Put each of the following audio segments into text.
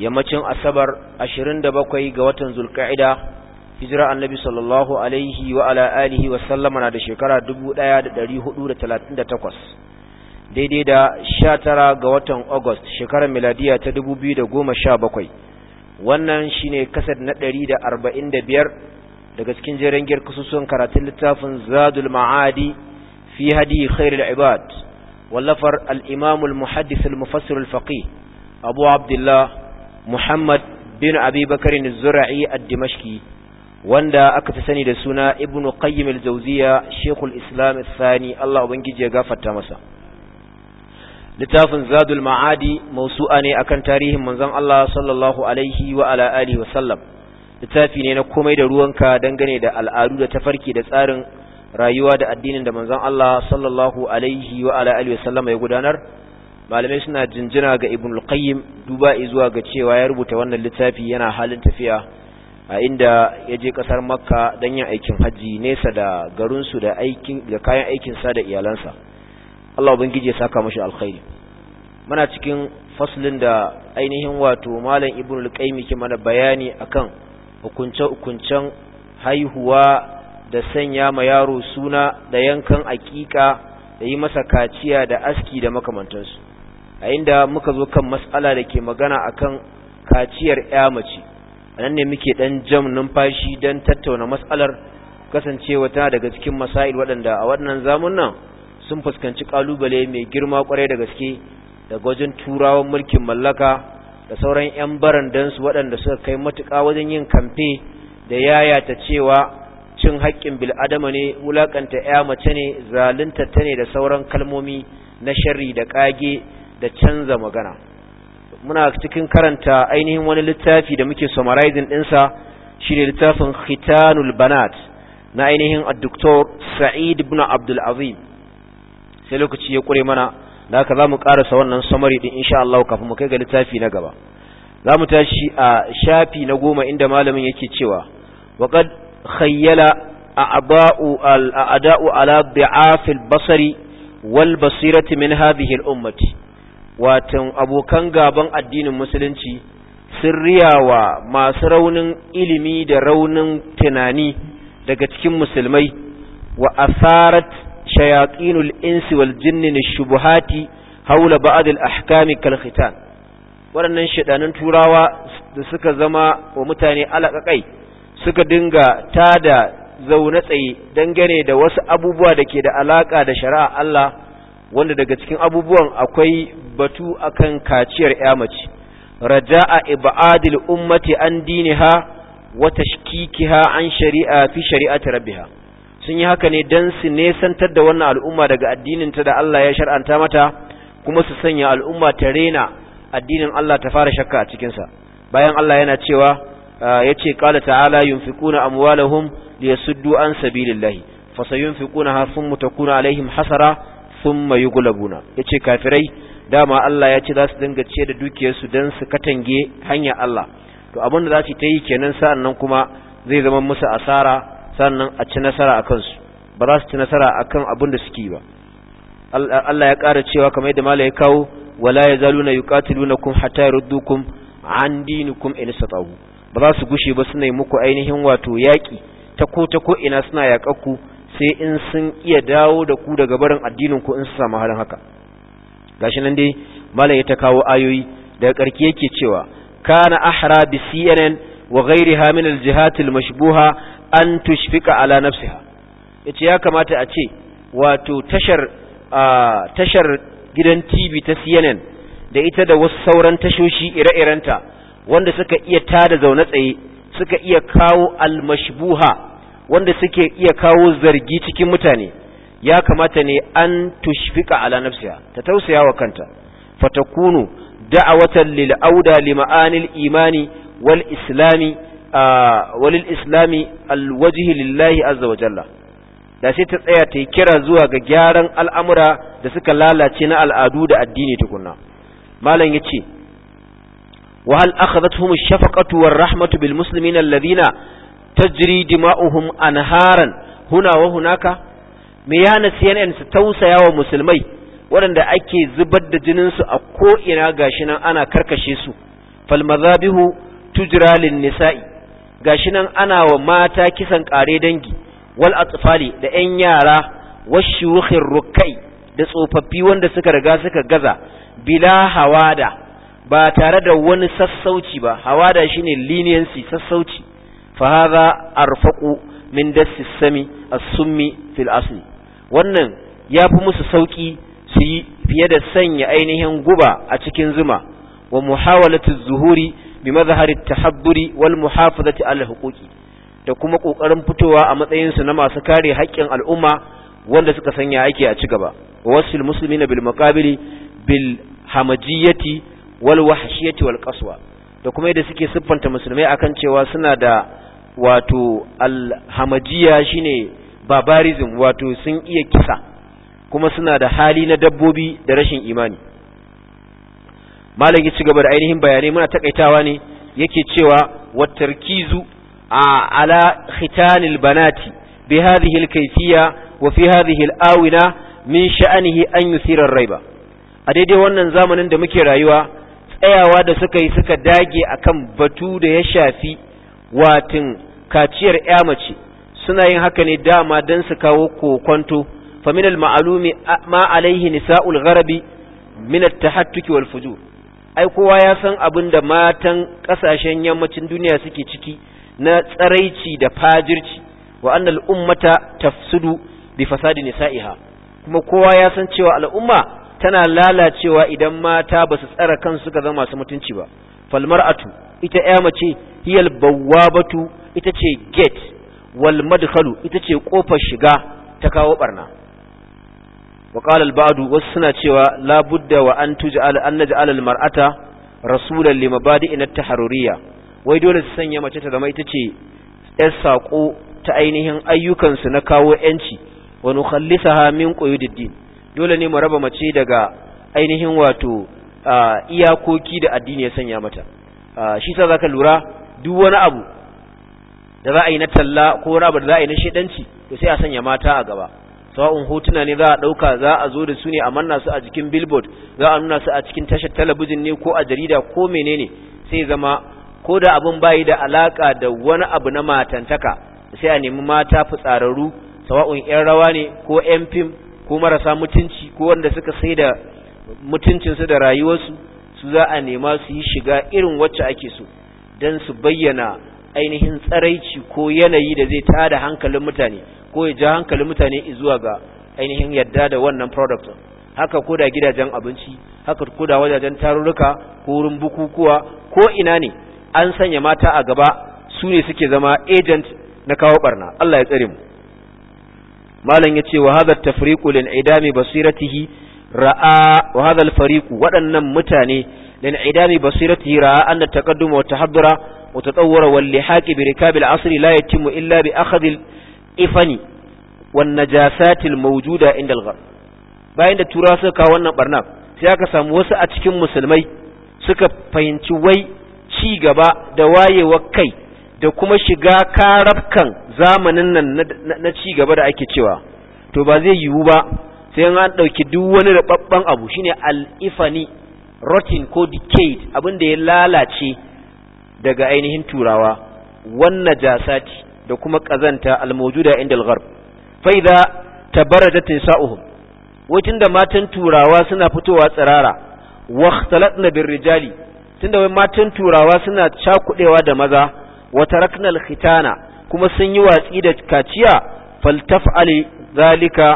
yammacin asabar 27 ga watan zulka'ida hijira annabi sallallahu alaihi wa ala alihi wa sallama na da shekara 1438 daidai da 19 ga watan august shekarar miladiya ta 2017 wannan shine kasar na 145 daga cikin jeren giyar karatun littafin zadul ma'adi fi hadi khairul ibad wallafar al-imam al-muhaddith al-mufassir al-faqih abu abdullah Muhammad bin Abi Bakar az-Zura'i wanda aka fi sani da suna Ibn Qayyim al-Jawziya Sheikhul Islam al-Thani Allah ubangiji ya gafarta masa littafin Zadul Ma'adi mawsu'a ne akan tarihin manzon Allah sallallahu alaihi wa ala alihi wa sallam littafi ne na komai da ruwanka dangane da al'adu da tafarki da tsarin rayuwa da addinin da manzon Allah sallallahu alaihi wa ala alihi wa sallam ya gudanar malamai suna jinjina ga ibn al-qayyim duba zuwa ga cewa ya rubuta wannan littafi yana halin tafiya a inda ya je kasar makka don yin aikin hajji nesa da garinsu da aikin da kayan aikinsa da iyalansa Allah ubangiji ya saka mashi alkhairi muna cikin faslin da ainihin wato malam ibn al-qayyim ke mana bayani akan hukunce hukuncen haihuwa da sanya ma yaro suna da yankan aƙiƙa da yi masa kaciya da aski da makamantansu a inda muka zo kan matsala da ke magana akan kaciyar ya mace nan ne muke dan jam numfashi dan tattauna matsalar kasancewa ta daga cikin masail waɗanda a waɗannan zamunan sun fuskanci ƙalubale mai girma kwarai da gaske daga wajen turawan mulkin mallaka da sauran 'yan barandansu waɗanda suka kai matuka wajen yin kamfe da yaya ta cewa cin haƙƙin bil'adama ne wulaƙanta ya mace ne zalunta ta ne da sauran kalmomi na sharri da ƙage da canza magana muna cikin karanta ainihin wani littafi da muke summarizing dinsa shi ne littafin khitanul banat na ainihin addoktor sa'id ibn abdul azim sai lokaci ya kure mana da haka za mu ƙarasa wannan summary ɗin insha Allah kafin mu kai ga littafi na gaba za mu tashi a shafi na goma inda malamin yake cewa waƙad khayyala a ada'u ala bi'afil basari wal basirati min hadhihi al ummati watan abokan gaban addinin musulunci sun riyawa masu raunin ilimi da raunin tunani daga cikin musulmai wa asarat shayaqinul insi wal jinni shubuhati haula ba'd al ahkami kal khitan waɗannan shedanin turawa da suka zama wa mutane alaƙaƙai suka dinga tada zaune tsaye dangane da wasu abubuwa da ke da alaƙa da shari'a Allah wanda daga cikin abubuwan akwai batu akan kaciyar ya mace raja'a ibadil ummati an diniha wa tashkikiha an shari'a fi shari'ati rabbiha sun yi haka ne dan su nesantar da wannan al'umma daga addinin ta da Allah ya shar'anta mata kuma su sanya al'umma ta rena addinin Allah ta fara shakka a cikin sa bayan Allah yana cewa ah, yace qala ta'ala yunfikuna amwalahum liyasuddu an sabilillahi fasayunfikunaha thumma kuna alaihim hasara thumma ya yace kafirai dama Allah ya ce za su dinga ce da dukiyarsu dan su katange hanya Allah to abinda za su ta yi kenan sa'annan kuma zai zama musu asara sannan a ci nasara akan su ba za su ci nasara akan abin da suke ba Allah ya ƙara cewa kamar yadda malai ya kawo wala yazaluna yuqatilunakum hatta yurdukum an dinikum in sata'u ba za su gushe ba suna yi muku ainihin wato yaƙi ta ko ta ko ina suna yaƙakku sai in sun iya dawo da ku daga barin addinin ku in su samu halin haka gashi nan dai malam ya ta kawo ayoyi daga karki yake cewa kana ahra bi CNN wa ghayriha min al-jihat al-mashbuha an tushfika ala nafsiha yace ya kamata a ce wato tashar tashar gidan TV ta CNN da ita da wasu sauran tashoshi ire-irenta wanda suka iya tada zaune tsaye suka iya kawo al-mashbuha wanda suke iya kawo zargi cikin mutane ya kamata ne an tushfika ala nafsiha ta tausaya wa kanta fatakunu da'awatan lil auda li imani wal islami walil islami alwajhi lillahi azza wa jalla da sai ta tsaya ta yi kira zuwa ga gyaran al'amura da suka lalace na al'adu da addini tukunna malam yace وهل أخذتهم الشفقة والرحمة بالمسلمين الذين tajri dima'uhum anharan huna wa hunaka me ya hana CNN su tausaya wa musulmai waɗanda ake zubar da jinin su a ko ina gashi nan ana karkashe su fal mazabihu tujra lin nisa'i gashi nan ana wa mata kisan kare dangi wal atfali da yan yara washukhir rukai da tsofaffi wanda suka riga suka gaza bila hawada ba tare da wani sassauci ba hawada shine leniency sassauci fa hadha arfaqu min dassi sami as-summi fil asli wannan fi musu sauƙi su yi fiye da sanya ainihin guba a cikin zuma wa muhawalatu zuhuri bi mazhari tahabburi wal muhafazati ala huquqi da kuma kokarin fitowa a matsayin su na masu kare haƙƙin al'umma wanda suka sanya ake a cigaba wasil muslimina bil maqabili bil hamajiyati wal wahshiyati wal qaswa da kuma yadda suke siffanta musulmai akan cewa suna da wato alhamajiya shine barbarism wato sun iya kisa kuma suna da hali na dabbobi da rashin imani malam ya ci gaba da ainihin bayanai muna takaitawa ne yake cewa watarkizu a ala khitanil banati bi hadhihi alkayfiya wa fi hadhihi alawina min sha'anihi an yusira raiba a daidai wannan zamanin da muke rayuwa tsayawa da suka yi suka dage akan batu da ya shafi watin kaciyar ya mace suna yin haka ne dama don su kawo kokonto min al-ma'alumi ma alaihi nisa'ul gharabi min at-tahattuki wal fujur ai kowa ya san abin da matan kasashen yammacin duniya suke ciki na tsaraici da fajirci wa annal ummata tafsudu bi fasadi nisa'iha kuma kowa ya san cewa al'umma tana lalacewa idan mata ba su tsara kansu suka zama masu mutunci ba falmar'atu ita ya mace hiyal bawwabatu ita ce gate wal madkhalu ita ce kofar shiga ta kawo barna wa qala al ba'du wasu suna cewa la budda wa an tuj'al an naj'al al mar'ata rasulan li mabadi'in at tahruriyya wai dole su sanya mace ta zama ita ce yar sako ta ainihin ayyukan su na kawo yanci wa nukhallisaha min quyudiddin dole ne mu raba mace daga ainihin wato iyakoki da addini ya sanya mata shi sa zaka lura duk wani abu da za a yi na talla ko wani abu da za a yi na shedanci to sai a sanya mata a gaba sawa'un hotuna ne za a ɗauka za a zo da su ne a manna su a jikin billboard za a nuna su a cikin tashar talabijin ne ko a jarida ko menene sai zama ko da abin bayi da alaka da wani abu na matantaka sai a nemi mata fitsararru sawa'un 'yan rawa ne ko 'yan fim ko marasa mutunci ko wanda suka sai da mutuncinsu da rayuwarsu su za a nema su yi shiga irin wacce ake so don su bayyana ainihin tsaraici ko yanayi da zai tada hankalin mutane ko ya ja hankalin mutane zuwa ga ainihin yadda da wannan product haka ko da gidajen abinci haka ko da wajajen tarurruka ko wurin bukukuwa ko ina ne an sanya mata a gaba su ne suke zama agent na kawo barna Allah ya tsare mu malam yace wa hadha tafriqu lil idami basiratihi ra'a wa hadha al-fariqu waɗannan mutane لانعدام بصيرته رأى أن التقدم والتحضر وتطور واللحاق بركاب العصر لا يتم إلا بأخذ الإفن والنجاسات الموجودة عند الغرب باين da tura suka kawo wannan barna sai aka samu wasu a cikin musulmai suka fahimci wai ci gaba da wayewar kai da kuma shiga karabkan zamanin nan na ci gaba da ake cewa to ba zai yiwu ba sai an dauki duk wani rababban abu shine al-ifani rotin ko decayed abin da ya lalace daga ainihin turawa wannan jasati da kuma kazanta almajuda inda al-gharb fa idza tabarajat nisa'uhum wajin da matan turawa suna fitowa tsirara wa ikhtalatna bir rijali tunda wai matan turawa suna cakudewa da maza wa tarakna al-khitana kuma sun yi watsi da kaciya faltaf'ali zalika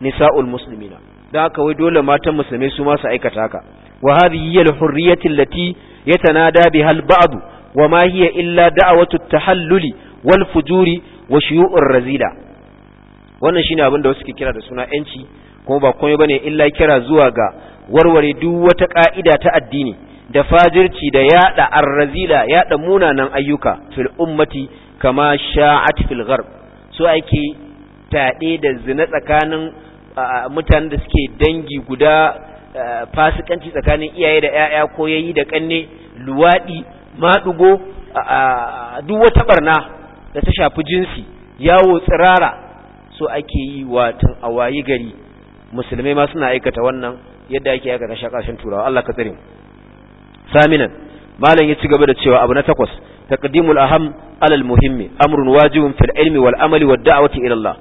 nisa'ul muslimina da haka wai dole matan musulmai su ma su aikata haka وهذه هي الحرية التي يتنادى بها البعض وما هي إلا دعوة التحلل والفجور وشيوء الرزيلة wannan shine abin da wasu ke kira da suna yanci kuma ba komai bane illa kira zuwa ga warware duk wata ka'ida ta addini da fajirci da yada arrazila yada munanan ayyuka fil ummati kama sha'at fil gharb so ake tade da zina tsakanin mutanen da suke dangi guda Eh, fasikanci tsakanin iyaye da ‘ya'ya ko yayi da kanne, luwaɗi maɗugo duk wata barna da ta shafi jinsi yawo tsirara so ake yi watan a wayi gari musulmai ma suna aikata wannan yadda ake aikata shakashin turawa Allah ka tsare saminan malam ya ci gaba da cewa abu na takwas taqdimul aham alal muhimmi amrun wajibun fil ilmi wal amali wad da'wati ila Allah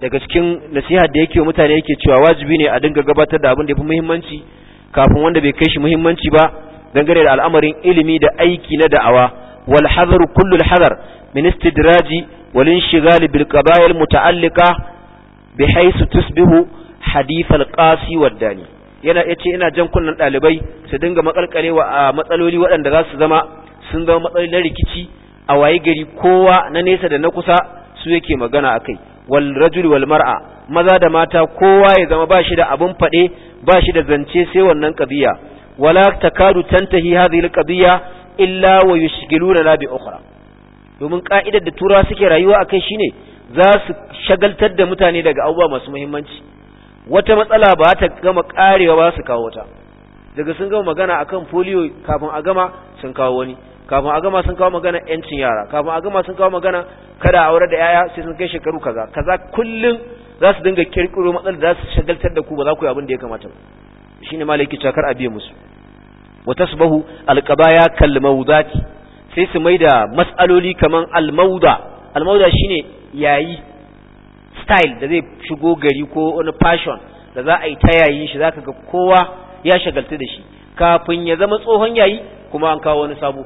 daga cikin nasiha da yake mutane yake cewa wajibi ne a dinga gabatar da abin da yafi muhimmanci kafin wanda bai kai shi muhimmanci ba dangane da al'amarin ilimi da aiki na da'awa wal hadharu kullu al hadar min istidraji wal inshighal bil qabail al bihaythu tusbihu hadith al qasi wad dani yana yace ina jan kunnan dalibai su dinga makalkalewa a matsaloli waɗanda za su zama sun zama matsalolin rikici a waye gari kowa na nesa da na kusa su yake magana akai wal rajul wal mar'a maza da mata kowa ya zama ba shi da abun faɗe ba shi da zance sai wannan qadiya wala takadu tantahi hadhihi al qadiya illa wa na bi ukhra domin ka'idar da tura suke rayuwa akai shine za su shagaltar da mutane daga abubuwa masu muhimmanci wata matsala ba ta gama karewa ba su kawo ta daga sun gama magana akan polio kafin a gama sun kawo wani kafin a gama sun kawo magana yancin yara kafin a gama sun kawo magana kada aure da yaya sai sun kai shekaru kaza kaza kullum za su dinga kirkiro matsalar da za su shagaltar da ku ba za ku yi abin da ya kamata ba shine malaki cakar a biye musu wa tasbahu alqabaya kal mawdati sai su maida mas'aloli kaman al mawda al mawda shine yayi style da zai shigo gari ko wani fashion da za a yi ta yayin shi zaka ga kowa ya shagaltu da shi kafin ya zama tsohon yayi kuma an kawo wani sabo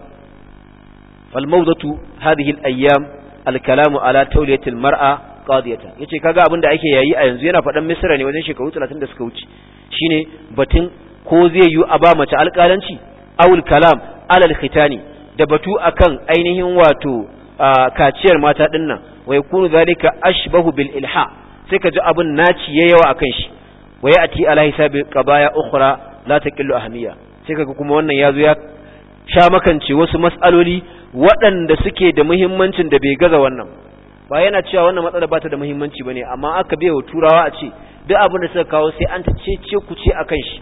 Alma'uzatu hadhihi al-ayyam al-kalamu ala tawliyati al-mar'a qadiyatan yace kaga abin da ake yayi a yanzu yana faɗan misra ne wajen shekaru 30 da suka wuce shine batun ko zai yi a ba mace alƙalanci awul kalam alal khitani da batu akan ainihin wato kaciyar mata dinnan wai kunu zalika ashbahu bil ilha sai ka ji abin naci yayawa akan shi wa ya'ti ala hisabi qabaya ukhra la taqillu ahmiya sai kaga kuma wannan yazo ya sha makance wasu mas'aloli waɗanda suke da muhimmancin da bai gaza wannan ba yana cewa wannan matsala ba ta da muhimmanci ba ne amma aka bai wa turawa a ce duk abin da suka kawo sai an ta cece ce a kan shi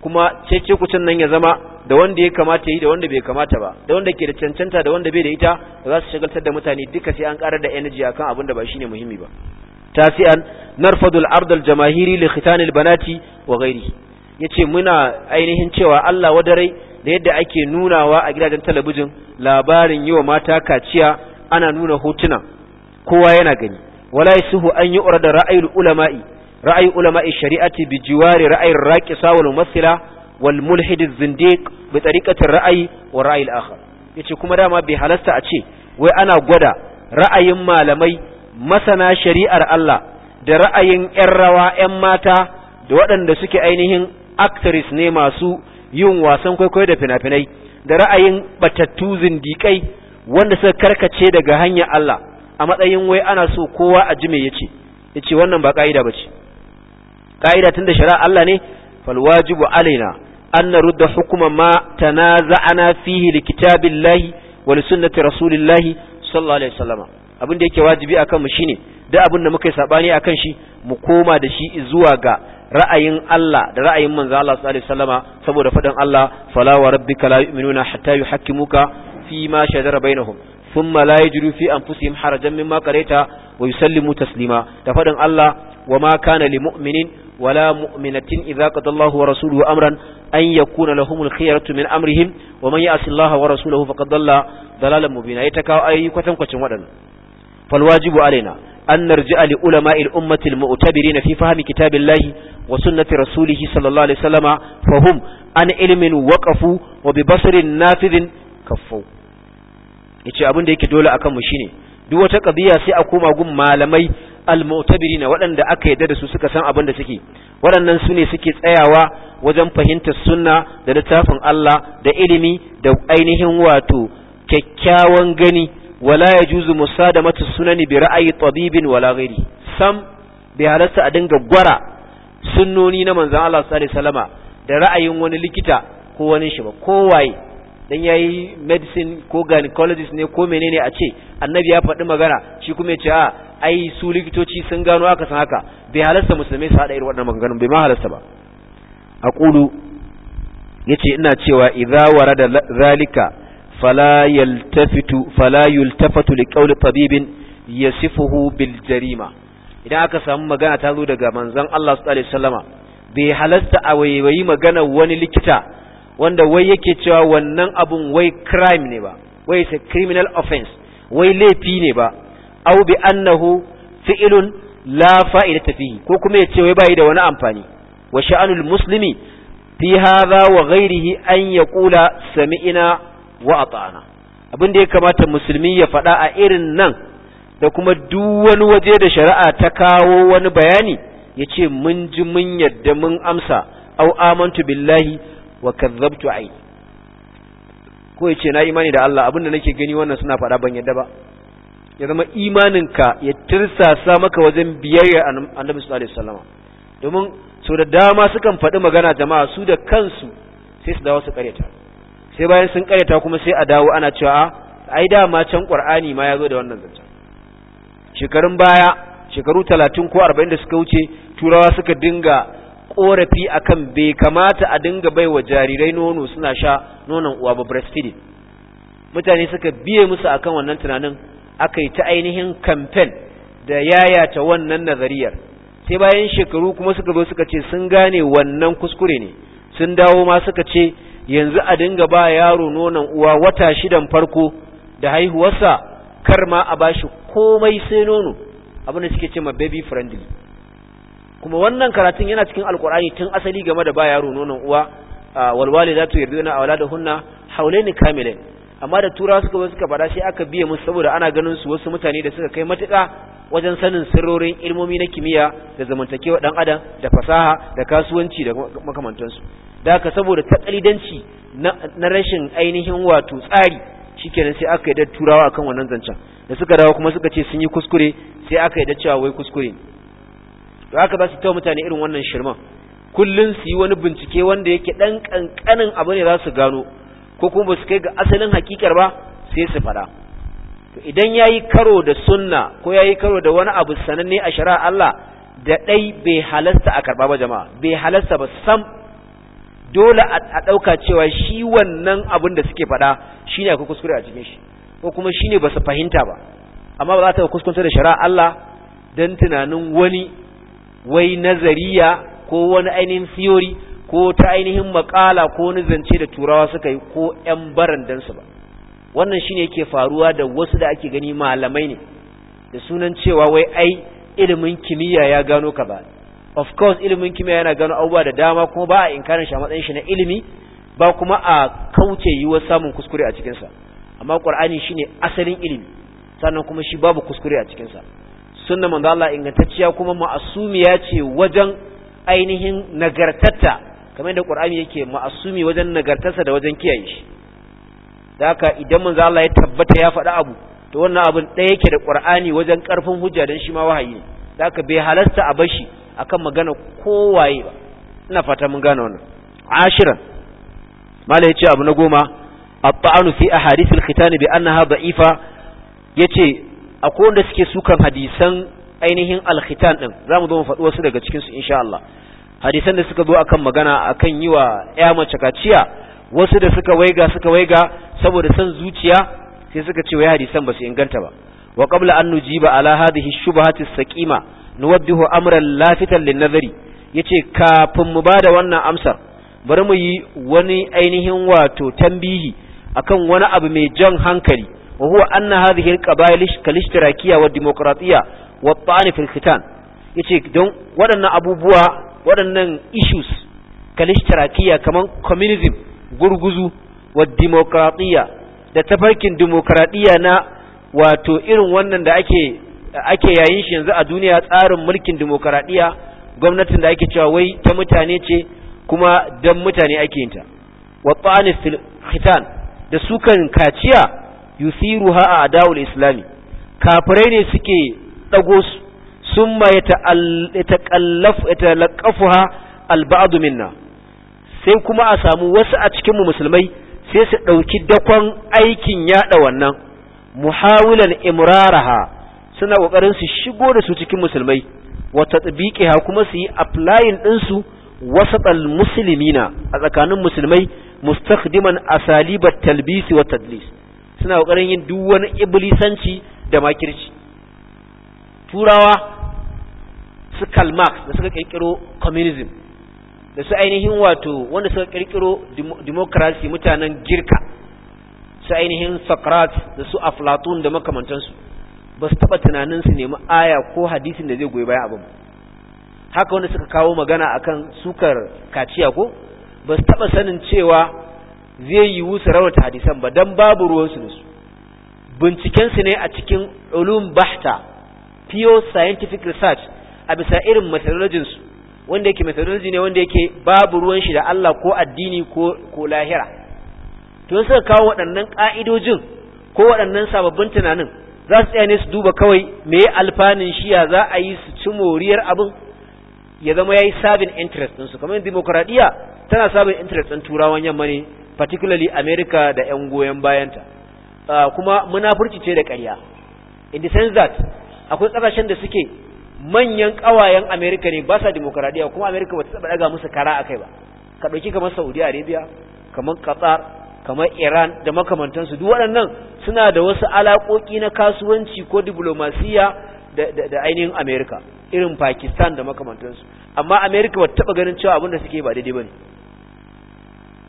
kuma cece can nan ya zama da wanda ya kamata yi da wanda bai kamata ba da wanda ke da cancanta da wanda bai da ita ba za su shagaltar da mutane duka sai an karar da energy akan abin da ba shine muhimmi ba tasi'an narfadul ardal jamahiri li khitanil banati wa ghairi yace muna ainihin cewa Allah wadarai da yadda ake nunawa a gidajen talabijin labarin yi wa mata kaciya ana nuna hotuna kowa yana gani wala yasuhu an yi da ra'ayin ulama'i ra'ayi ulama'i shari'ati bi jiwari ra'ayin raƙi wal mumathila wal mulhid zindiq bi tariqatir ra'ayi wa ra'ayil akhar ce kuma dama bai halasta a ce wai ana gwada ra'ayin malamai masana shari'ar Allah da ra'ayin 'yan rawa 'yan mata da waɗanda suke ainihin actress ne masu yin wasan kwaikwayo da fina-finai da ra'ayin batattu zindiƙai wanda suka karkace daga hanyar Allah a matsayin wai ana so kowa a ji ce, ya ce wannan ba ƙa'ida ba ce. Ƙa'ida tun da shari'a Allah ne fal wajibu alaina an na rudda hukuma ma na za'ana fihi lahi wani li rasulun lahi sallallahu alaihi wasallam abin da yake wajibi akan mu shine da abin da muka yi sabani akan shi mu koma da shi zuwa ga ra'ayin Allah da ra'ayin manzo Allah sallallahu alaihi wasallama saboda fadin Allah fala wa rabbika la yu'minuna hatta yuhakkimuka fi ma shajara bainahum thumma la yajidu fi anfusihim harajan mimma qaraita wa yusallimu taslima da fadin Allah wa ma kana lil mu'minin wala mu'minatin idza qada Allahu wa rasuluhu amran an yakuna lahumul khiyaratu min amrihim wa man ya'si Allah wa rasuluhu faqad dalla dalalan mubina ita kawo ayi kwatan kwacin wadannan fal wajibu alaina an narji'a li ulama'il ummatil al mu'tabirin fi fahmi kitabillahi wa sunnati rasulih sallallahu alaihi wasallama fahum an ilmin waqafu wa bi basrin yace abin da yake dole akan mu shine duk wata qadiya sai a koma gun malamai al waɗanda aka yarda da su suka san abin da suke waɗannan su ne suke tsayawa wajen fahimtar sunna da littafin Allah da ilimi da ainihin wato kyakkyawan gani wala yajuzu musadamatu sunani bi ra'ayi tabibin wala ghairi sam bi halatta a dinga gwara sunnoni na manzan Allah sallallahu salama da ra'ayin wani likita ko wani shi ba kowaye dan yayi medicine ko gynecologist ne ko menene a ce annabi ya faɗi magana shi kuma ya ce a ah, ai su likitoci sun gano aka san haka bai halarta musulmai su haɗa irin wannan maganganun bai ma halasta ba aqulu yace ina cewa idza warada zalika fala yaltafitu fala yultafatu liqawli tabibin yasifuhu bil jarima idan aka samu magana ta zo daga manzon Allah sallallahu alaihi wasallama bai halasta a waiwayi magana wani likita wanda wai yake cewa wannan abun wai crime ne ba wai sai criminal offense wai laifi ne ba aw bi annahu fi'lun la fa'idata fihi ko kuma ya ce wai bai da wani amfani wa sha'anul muslimi fi hadha wa ghairihi an yaqula sami'na wa ata'na abin da ya kamata musulmi ya faɗa a irin nan da kuma duk wani waje da shari'a ta kawo wani bayani ya ce mun ji mun yadda mun amsa au amantu billahi wa kazzabtu ai. ko ya ce na imani da Allah abinda nake gani wannan suna faɗa ban yadda ba ya zama imaninka ya tirsasa maka wajen biyayya annabi sallallahu alaihi wasallam domin so da dama sukan faɗi magana jama'a su da kansu sai su dawo su karyata sai bayan sun karyata kuma sai a dawo ana cewa ai dama can qur'ani ma yazo da wannan zance shekarun baya shekaru talatin ko arba'in da suka wuce turawa suka dinga korafi akan bai kamata a dinga bai wa jarirai nono suna sha nonon uwa ba breastfeeding mutane suka biye musu akan wannan tunanin aka yi ta ainihin kamfen da yayata wannan nazariyar sai bayan shekaru kuma suka zo suka ce sun gane wannan kuskure ne sun dawo ma suka ce yanzu a dinga ba yaro nonon uwa wata shidan farko da haihuwarsa kar ma a bashi komai sai nono abin da suke ma baby friendly kuma wannan karatun yana cikin alkur'ani tun asali game da ba yaro nonon uwa walwale za ta yarda na auladahunna haulaini kamilain amma da turawa suka zo suka fada sai aka biya musu saboda ana ganin su wasu mutane da suka kai matuƙa wajen sanin sirrorin ilmomi na kimiyya da zamantakewa dan adam da fasaha da kasuwanci da makamantansu da haka saboda taƙalidanci na rashin ainihin wato tsari shikenan sai aka yi da turawa akan wannan zancen da suka dawo kuma suka ce sun yi kuskure sai aka da cewa wai kuskure to aka ba su ta mutane irin wannan shirman kullun su yi wani bincike wanda yake dan kankanin abu ne za su gano ko kuma ba su kai ga asalin hakikar ba sai su faɗa to idan yayi karo da sunna ko yayi karo da wani abu sananne a shari'a Allah da dai bai halasta a karba ba jama'a bai halasta ba sam dole a ɗauka cewa shi wannan abin da suke faɗa shi ne akwai kuskure a cikin shi ko kuma shi ne ba su fahimta ba amma ba za ta kuskunta da shari'a Allah don tunanin wani wai nazariya ko wani ainihin theory ko ta ainihin makala ko wani zance da turawa suka yi ko ƴan barandansu ba wannan shi ne yake faruwa da wasu da ake gani malamai ne da sunan cewa wai ai ilimin kimiyya ya gano ka ba of course ilimin kimiyya yana gano abubuwa da dama kuma ba a inkarin shi a matsayin shi na ilimi ba kuma a kauce yiwuwar samun kuskure a cikinsa amma qur'ani shine asalin ilimi sannan kuma shi babu kuskure a cikinsa sunna manzo Allah ingantacciya kuma ya ce wajen ainihin nagartarta kamar yadda qur'ani yake ma'asumi wajen nagartarsa da wajen kiyaye shi da haka idan manzo Allah ya tabbata ya faɗi abu to wannan abin ɗaya yake da qur'ani wajen ƙarfin hujja dan shi ma wahayi ne da haka bai halarta a bashi akan magana kowaye ba ina fata mun gane wannan ashiran mala yace abu na goma at-ta'anu fi ahadith al-khitan bi annaha da'ifa yace akwai wanda suke sukan hadisan ainihin al-khitan din zamu zo mu faɗi wasu daga cikin su insha Allah hadisan da suka zo akan magana akan yi wa ƴa mace kaciya wasu da suka waiga suka waiga saboda san zuciya sai suka ce wai hadisan ba su inganta ba wa qabla an nujiba ala hadhihi shubahati saqima nuwaddihu amran lafitan linnazari yace kafin mu bada wannan amsar bari mu yi wani ainihin wato tambihi akan wani abu mai jan hankali wa huwa anna hadhihi alqabail kalishtirakiyya wa demokratiyya wa ta'an fil khitan yace don waɗannan abubuwa waɗannan issues kalishtirakiyya kaman communism gurguzu wa demokratiyya da tafarkin demokradiyya na wato irin wannan da ake ake yayin shi yanzu a duniya tsarin mulkin demokaradiyya gwamnatin da ake cewa wai ta mutane ce kuma dan mutane ake yinta wa khitan da sukan kaciya yusiruha a adawul islami kafirai ne suke dago su ta yataqallafu ha alba'adu minna sai kuma a samu wasu a cikin musulmai sai su ɗauki dakon aikin yaɗa wannan muhawilan imraraha suna kokarin su shigo da su cikin musulmai wa tatbiqiha kuma su yi applying din su wasatal muslimina a tsakanin musulmai mustakhdiman asaliba talbis wa tadlis suna kokarin yin duk wani iblisanci da makirci turawa su Karl da suka kirkiro communism da su ainihin wato wanda suka kirkiro democracy mutanen girka su ainihin Socrates da su Aflatun da makamantansu ba su taɓa tunanin su nemi aya ko hadisin da zai goyi baya abin haka wanda suka kawo magana akan sukar kaciya ko ba su taɓa sanin cewa zai yiwu su rawata hadisan ba don babu ruwansu da su bincikensu ne a cikin ulum bahta pure scientific research a bisa irin methodologies wanda yake methodology ne wanda yake babu ruwan shi da Allah ko addini ko ko lahira to suka kawo waɗannan ka'idojin ko waɗannan sababbin tunanin za su tsaye ne su duba kawai me ya alfanin shiya za a yi su ci moriyar abin ya zama ya yi sabin interest ɗinsu kamar demokuraɗiyya tana sabin interest ɗin turawan yamma ne particularly america da 'yan goyon bayanta ah, kuma munafurci ce da karya in the sense that akwai ƙasashen da suke manyan ƙawayen america ne ba sa demokuraɗiyya kuma america ba ta taɓa ɗaga musu kara a kai ba ka ɗauki kamar saudi arabia kamar qatar kamar Iran da makamantansu duk waɗannan suna da wasu alaƙoƙi na kasuwanci ko diplomasiya da ainihin Amerika irin Pakistan da makamantansu amma Amerika ba taɓa ganin cewa abin da suke ba daidai ba ne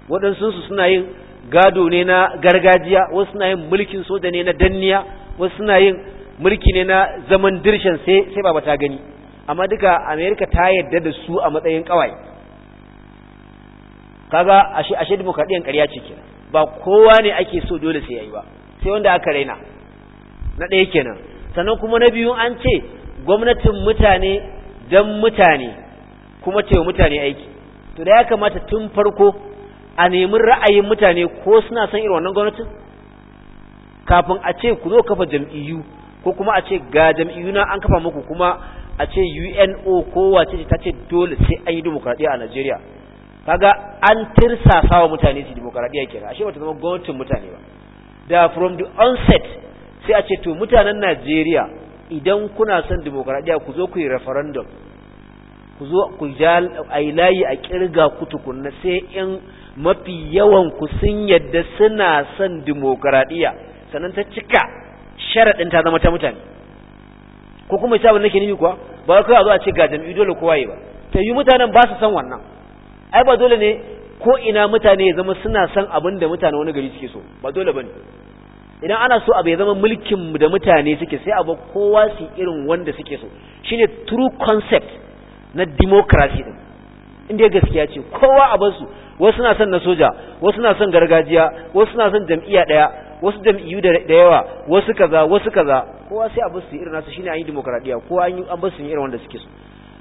waɗansu suna yin gado ne na gargajiya wasu suna yin mulkin soja ne na danniya wasu suna yin mulki ne na zaman dirshan sai sai ba ta gani amma duka Amerika ta yarda da su a matsayin kawai kaga ashe ashe dimokradiyan ƙarya ce kenan ba kowa ne ake so dole sai yayi ba sai wanda aka raina na ɗaya kenan sannan kuma na biyu an ce gwamnatin mutane dan mutane kuma ce mutane aiki to da ya kamata tun farko a nemi ra'ayin mutane ko suna son irin wannan gwamnatin kafin a ce ku zo kafa jam'iyyu ko kuma a ce ga jam'iyyu na an kafa muku kuma a ce UNO ko wace ta ce dole sai an yi dimokuraɗiyya a Najeriya kaga an tirsasa wa mutane su demokaradiyya kenan ashe bata zama gwamnatin mutane ba da from the onset sai a ce to mutanen Najeriya idan kuna son demokaradiyya ku zo ku yi referendum ku zo ku ja ai layi a kirga ku sai in mafi yawan ku sun yadda suna son demokaradiyya sannan ta cika sharadin ta zama ta mutane ko kuma sabon nake nufi kuwa ba kai a zo a ce ga jam'i dole kowa yi ba ta yi mutanen ba su san wannan ai ba dole ne ko ina mutane ya zama suna son abin da mutane wani gari suke so ba dole ne idan ana so abu ya zama mulkin da mutane suke sai abu kowa su irin wanda suke so shine true concept na democracy din inda gaskiya ce kowa a basu wasu na son na soja wasu na son gargajiya wasu na son jam'iyya daya wasu jam'iyyu da yawa wasu kaza wasu kaza kowa sai a basu irin nasu shine an yi demokradiya kowa an an basu irin wanda suke so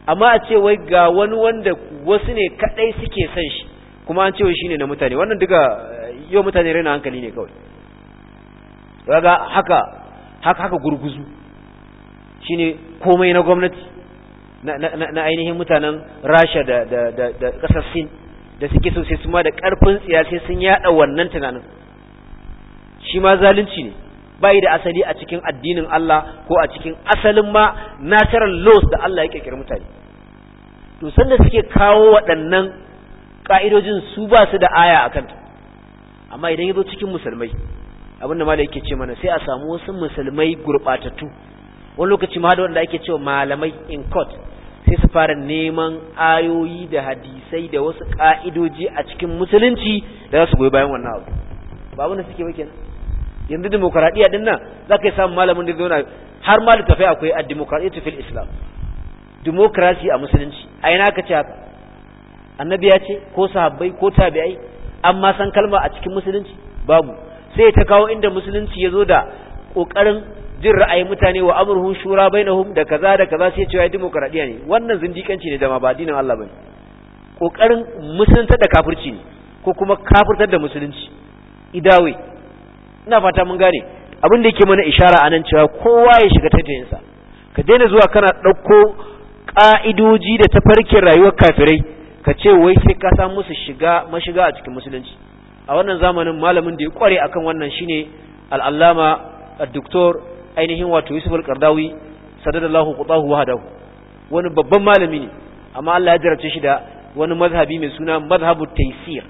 amma a ce wai ga wani wanda wasu ne kadai suke son shi kuma an ce wai shine na mutane wannan duka eh, yau mutane raina hankali ne kawai daga haka haka haka gurguzu shine komai na gwamnati na ainihin mutanen Rasha da da da kasar Sin da suke sosai sai su ma da karfin tsiya sai sun yada wannan tunanin shi ma zalunci ne bai da asali a cikin addinin Allah ko a cikin asalin ma natural laws da Allah ya kirkiri mutane to sanda suke kawo waɗannan ƙa'idojin su ba su da aya a kanta amma idan ya zo cikin musulmai abin da malai yake ce mana sai a samu wasu musulmai gurɓatattu wani lokaci ma da wanda ake cewa malamai in court sai su fara neman ayoyi da hadisai da wasu ka'idoji a cikin musulunci da za su goyi bayan wannan abu ba abin da suke ba yanzu demokaradiyya din nan za ka yi samun malamin da zauna har ma littafai akwai a ta fil islam demokarasi a musulunci a ina ka ce haka annabi ya ce ko sahabbai ko tabi'ai amma san kalma a cikin musulunci babu sai ta kawo inda musulunci ya zo da ƙoƙarin jin ra'ayin mutane wa amurhu shura bai na hum da kaza da kaza sai cewa demokaradiyya ne wannan zindikanci ne da ma ba dinin Allah ne ƙoƙarin musulunta da kafirci ne ko kuma kafirtar da musulunci idawai ina fata mun gane abin da yake mana ishara anan cewa kowa ya shiga taitayinsa ka daina zuwa kana ɗauko ƙa'idoji da tafarkin rayuwar kafirai ka ce wai sai ka samu musu shiga mashiga a cikin musulunci a wannan zamanin malamin da ya kware akan wannan shine al'allama al-doktor ainihin wato yusuf al-qardawi sadadallahu qutahu wahdahu wani babban malami ne amma Allah ya jarrace shi da wani mazhabi mai suna mazhabu taysir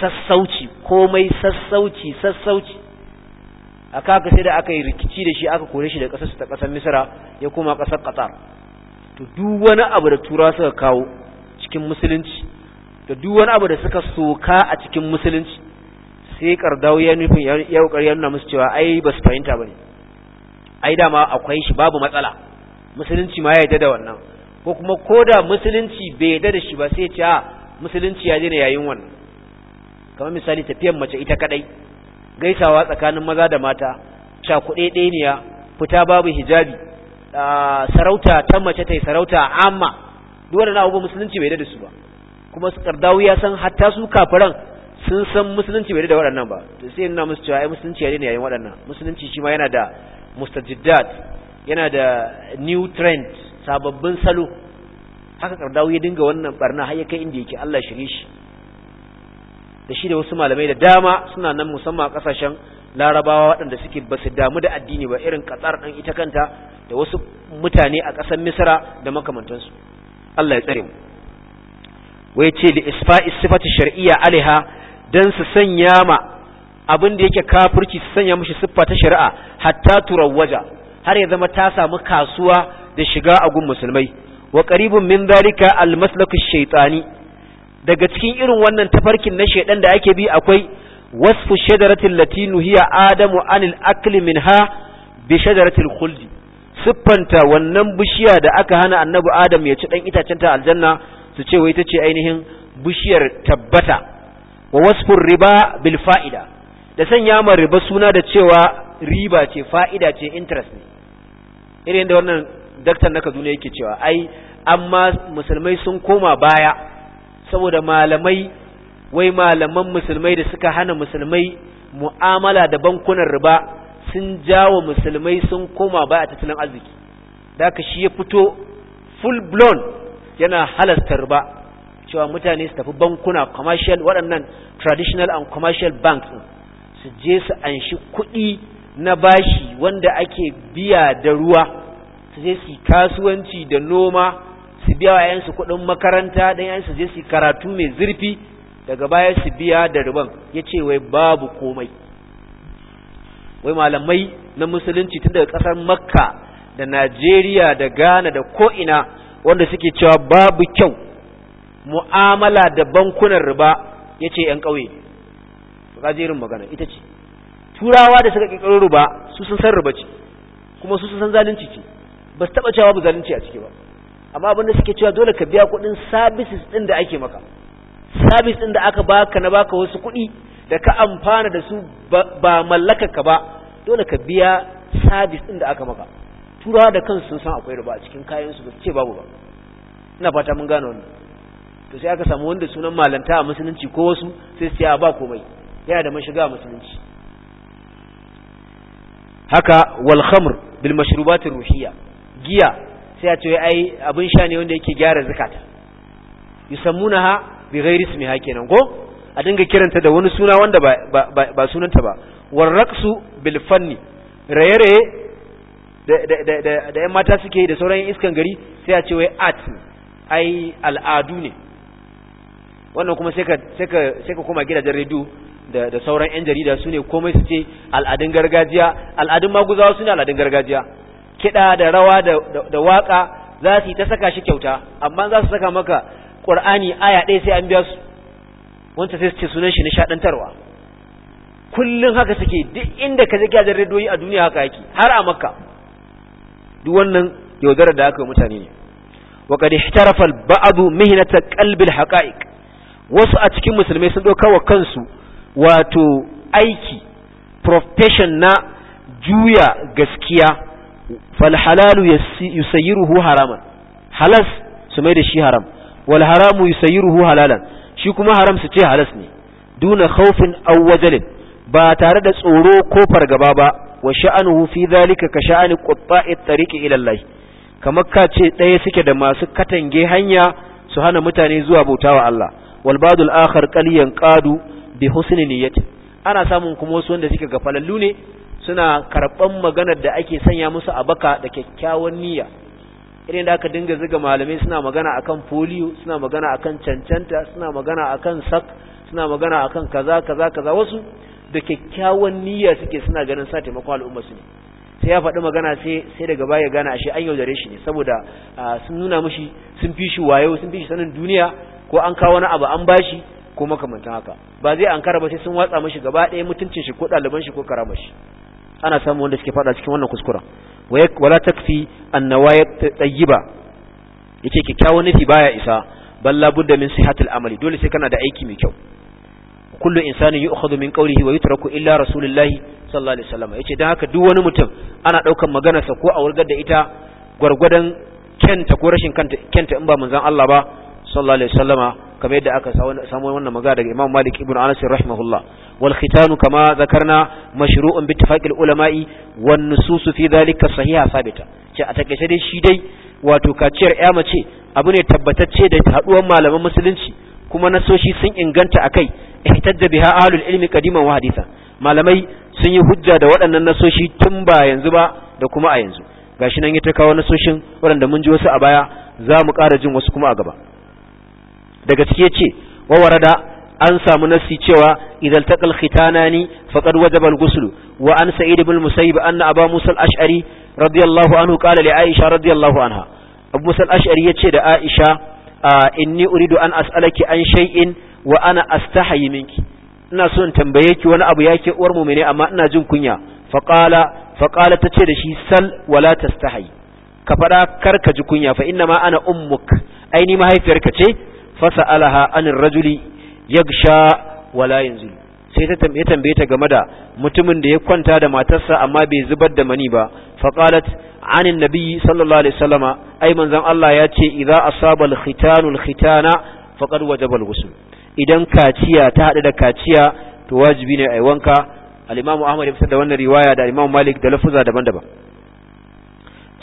sassauci komai sassauci sassauci aka kaka sai da aka yi rikici da shi aka kore shi da ƙasar ta ƙasar misira ya koma ƙasar qatar to duk wani abu da tura suka kawo cikin musulunci da duk wani abu da suka soka a cikin musulunci sai kardau ya nufin ya kokari ya nuna musu cewa ai ba su fahimta bane ai dama akwai shi babu matsala musulunci ma ya yarda da wannan ko kuma koda musulunci bai yarda da shi ba sai ya ce a ah, musulunci ya daina yayin wannan kamar misali tafiyar mace ita kadai gaisawa tsakanin maza da mata cakuɗe ɗeniya fita babu hijabi sarauta ta mace ta sarauta amma dole na abubuwan musulunci bai da su ba kuma su kardawu ya san hatta su kafiran sun san musulunci bai da waɗannan ba to sai ina musu cewa ai musulunci ya ne yayin waɗannan musulunci shi ma yana da mustajiddat yana da new trend sababbin salo haka kardawu ya dinga wannan barna har ya kai inda yake Allah shirye shi da shi da wasu malamai da dama suna nan musamman a kasashen larabawa waɗanda suke ba su damu da addini ba irin katsar ɗan ita kanta da wasu mutane a ƙasar misira da makamantansu Allah ya tsare mu wai ce da isfa'i sifati shari'a alaiha dan su sanya ma abin da yake kafurci su sanya mishi siffa ta shari'a hatta turawwaja har ya zama ta samu kasuwa da shiga a gun musulmai wa qaribun min dhalika al-maslaku shaytani daga cikin irin wannan tafarkin na shedan da ake bi akwai wasfu shajaratin latinu hiya adamu anil akli minha bi shajaratil khuldi siffanta wannan bishiya da aka hana annabi adam ya ci dan itacen ta aljanna su ce wai tace ainihin bishiyar tabbata wa wasfu riba bil fa'ida da sanya ma riba suna da cewa riba ce fa'ida ce interest ne irin da wannan daktar na Kaduna yake cewa ai amma musulmai sun koma baya saboda malamai wai malaman musulmai da suka hana musulmai mu'amala da bankunan riba sun jawo musulmai sun koma ba a tattalin arziki da ka shi ya fito full blown yana halasta riba cewa mutane su tafi bankuna commercial waɗannan traditional and commercial banks su je su anshi kuɗi na bashi wanda ake biya da ruwa su je su kasuwanci da noma su biya wa yansu kuɗin makaranta dan yansu je su karatu mai zurfi daga baya su biya da ya yace wai babu komai wai malamai na musulunci tun daga ƙasar makka da najeriya da ghana da ko'ina wanda suke cewa babu kyau mu'amala da bankunan riba ya ce 'yan ƙauye irin magana ita ce turawa da suka ƙirƙiro ruba su sun san ruba ce kuma su sun san zalunci ce ba su taɓa cewa ba zalunci a ciki ba amma abinda suke cewa dole ka biya kuɗin services ɗin da ake maka service ɗin da aka baka na baka wasu kuɗi da ka amfana da su ba mallakar ka ba dole ka biya service ɗin da aka maka turawa da kansu sun san akwai riba a cikin kayan su ce babu ba ina fata mun gane wannan to sai aka samu wanda sunan malanta a musulunci ko wasu sai siya ba komai yana da mashiga a musulunci haka wal khamr bil ar ruhiyya giya sai a ce ai abin sha ne wanda yake gyara sammuna ha bi mai ismiha kenan ko a dinga kiranta da wani suna wanda ba sunanta ba warraqsu bilfanni raye-raye da yan mata suke da sauran iskan gari sai a ce wai art ai al'adu ne wannan kuma sai ka koma gidajen radio da da sauran yan jarida su ne komai su ce al'adun gargajiya al'adun maguzawa su ne al'adun gargajiya kiɗa da rawa da waƙa za su yi ta saka shi kyauta amma za su saka maka ƙur'ani aya ɗaya sai an biya su wanda sai su ce sunan shi nishaɗantarwa kullum haka suke duk inda ka je gajar redoyi a duniya haka yake har a makka duk wannan yaudarar da aka yi mutane ne wa qad ihtarafa al-ba'd mihnata qalbi wasu a cikin musulmai sun dauka wa kansu wato aiki profession na juya gaskiya falhalalu yusayyiruhu haraman halas su mai da shi haram Walharamu haramu yusayyiruhu halalan shi kuma haram su ce halas ne duna khawfin aw wajalin ba tare da tsoro ko fargaba ba wa sha'anuhu fi dhalika ka sha'ani qutta'i tariqi ila Allah kamar ka ce ɗaya suke da masu katange hanya su hana mutane zuwa bautawa Allah wal badul akhar qaliyan qadu bi husni niyyati ana samun kuma wasu wanda suke gafalallu ne suna karɓan maganar da ake sanya musu a baka da kyakkyawan niyya irin da aka dinga ziga malamai suna magana akan polio suna magana akan cancanta suna magana akan sak suna magana akan kaza kaza kaza wasu da kyakkyawan niyya suke suna ganin sa taimakon al'umma su ne sai ya faɗi magana sai sai daga baya gana ashe an yaudare shi ne saboda sun nuna mishi sun fi shi wayo sun fi shi sanin duniya ko an kawo wani abu an bashi ko makamantan haka ba zai ankara ba sai sun watsa mishi gaba ɗaya mutuncin shi ko ɗaliban shi ko karamar shi ana samun wanda suke fada cikin wannan kuskuren wala takfi annawaya tayyiba yace kikkiawan nufi baya isa bal labudda min sihhatil amali dole sai kana da aiki mai kyau kullu insani yu'khadhu min qawlihi wa yutraku illa rasulillahi sallallahu alaihi wasallam yace dan haka duk wani mutum ana daukan sa ko a wargar da ita gwargwadon kenta ko rashin kenta in ba manzon Allah ba sallallahu alaihi wasallama kamar yadda aka samu wannan magana daga Imam Malik ibn Anas rahimahullah wal khitan kama zakarna mashru'un bi ittifaqil ulama'i wan nusus fi dhalika sahiha sabita ce a takaice dai shi dai wato kaciyar ya mace abu ne tabbatacce da haduwar malaman musulunci kuma nasoshi sun inganta akai ihtadda biha ahlul ilmi qadiman wa haditha malamai sun yi hujja da waɗannan nasoshi tun ba yanzu ba da kuma a yanzu gashi nan ya ta kawo nasoshin waɗanda mun ji wasu a baya za mu ƙara jin wasu kuma a gaba daga ciki ce wa warada an samu nassi cewa idan taqal khitanani faqad wajaba al-ghusl wa an sa'id ibn musayyib anna aba musa al-ash'ari radiyallahu anhu qala li aisha radiyallahu anha abu musa al-ash'ari yace da aisha inni uridu an as'alaki an shay'in wa ana astahi minki ina so in tambaye ki wani abu yake uwar mu'mine amma ina jin kunya faqala faqala tace da shi sal wala tastahi ka faɗa karka ji kunya fa inna ma ana ummuk aini mahaifiyarka ce fasa fasa'alaha anir rajuli yagsha wala yanzu sai ta tambaye tambaye ta game da mutumin da ya kwanta da matarsa amma bai zubar da mani ba faqalat anin nabiyyi sallallahu alaihi sallama ai manzon Allah ya ce idza asaba al-khitanu al-khitana faqad wajaba ghusl idan kaciya ta hada da kaciya to wajibi ne ai wanka al-imamu Ahmad ya fitar da wannan riwaya da al-imamu Malik da lafuza daban-daban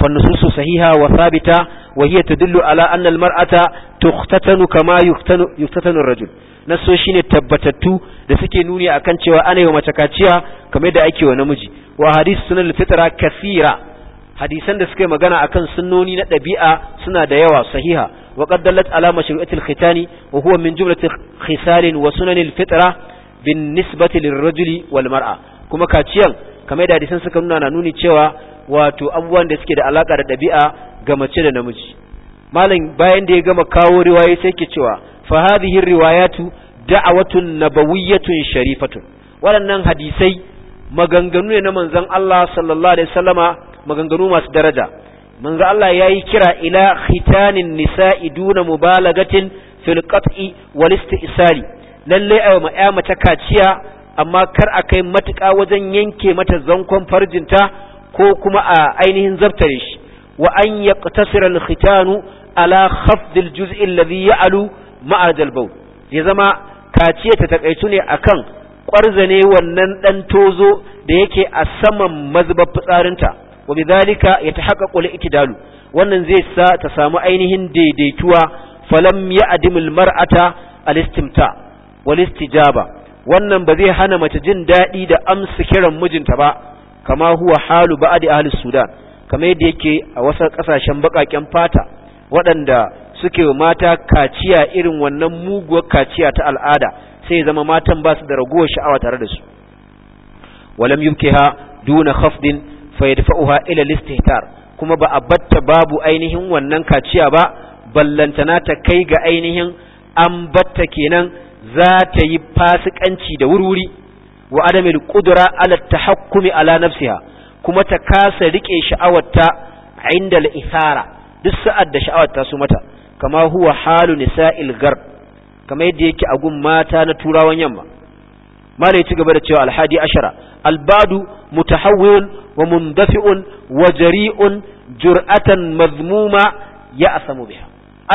فالنصوص صحيحة وثابتة وهي تدل على أن المرأة تختتن كما يختتن, يختتن الرجل نسوشين التبتتو لسكي نوني أكنت وأنا يوم تكاتيا كما يدعيك ونمجي وحديث سنة الفترة كثيرة hadisan da suka yi magana akan sunnoni na ɗabi'a suna da yawa sahiha wa qaddalat ala mashru'atil khitani wa huwa min jumlati khisalin wa sunanil fitra bin nisbati lirrajuli wal mar'a kuma kaciyan kama da hadisan suka nuna na nuni cewa wato abubuwan da suke da alaka da ɗabi'a ga mace da namiji malam bayan da ya gama kawo riwaya sai ke cewa fa hadhihi riwayatu da'awatun nabawiyyatun Sharifatu. waɗannan hadisai maganganu ne na manzon Allah sallallahu alaihi wasallama maganganu masu daraja manzon Allah yayi kira ila khitanin nisa'i duna mubalagatin fil qat'i wal isti'sali lalle ayi ma ya mace kaciya amma kar a kai matuƙa wajen yanke mata zankon farjinta ko kuma a ainihin zabtare shi wa an ya al-khitanu ala khafd juz'in juz alladhi ya'lu ma'a ya zama kaciya ta takaitu ne akan kwarzane wannan dan tozo da yake a saman mazbar fitsarinta wa bidhalika yatahaqqaqu al-i'tidalu wannan zai sa ta samu ainihin daidaituwa falam ya'dim al-mar'ata al-istimta wal istijaba wannan ba zai hana mace jin daɗi da amsa kiran mijinta ba kama huwa halu ba'adi ahli sudan kamar yadda yake a wasu kasashen bakaken fata waɗanda suke mata kaciya irin wannan muguwar kaciya ta al'ada sai zama matan ba su da ragowar sha'awa tare da su walam yubkiha duna khafdin fa yadfa'uha ila listihtar kuma ba a batta babu ainihin wannan kaciya ba ballantana ta kai ga ainihin an batta kenan za ta yi fasikanci da wurwuri wa adamil qudra ala tahakkumi ala nafsiha kuma ta kasa rike sha'awarta inda al duk sa'ad da ta su mata kama huwa halu nisa'il gar kama yadda yake a gun mata na turawan yamma mala ya ci gaba da cewa alhadi ashara albadu mutahawwil wa mundafi'un wa jari'un jur'atan mazmuma ya asamu biha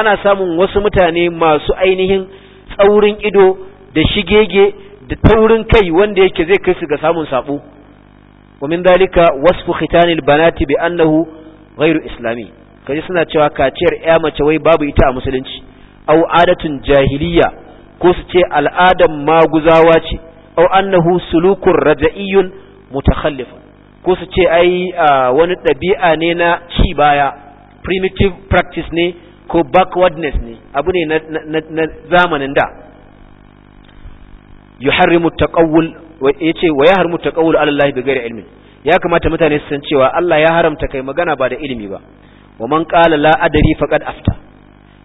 ana samun wasu mutane masu ainihin tsaurin ido da shigege da taurin kai wanda yake zai kai su ga samun sabo wa min dalika wasfu khitanil banati bi annahu ghairu islami kaje suna cewa kaciyar ya mace wai babu ita a musulunci au adatun jahiliya ko su ce al'adan maguzawa ce au annahu sulukur raja'iyyun mutakhallif ko su ce ai wani dabi'a ne na ci baya primitive practice ne ko backwardness ne abu ne na zamanin da yuharrimu taqawul yace wa yahrimu taqawul ala Allah da ilmin ya kamata mutane su san cewa Allah ya haramta kai magana ba da ilimi ba wa man qala la adri faqad afta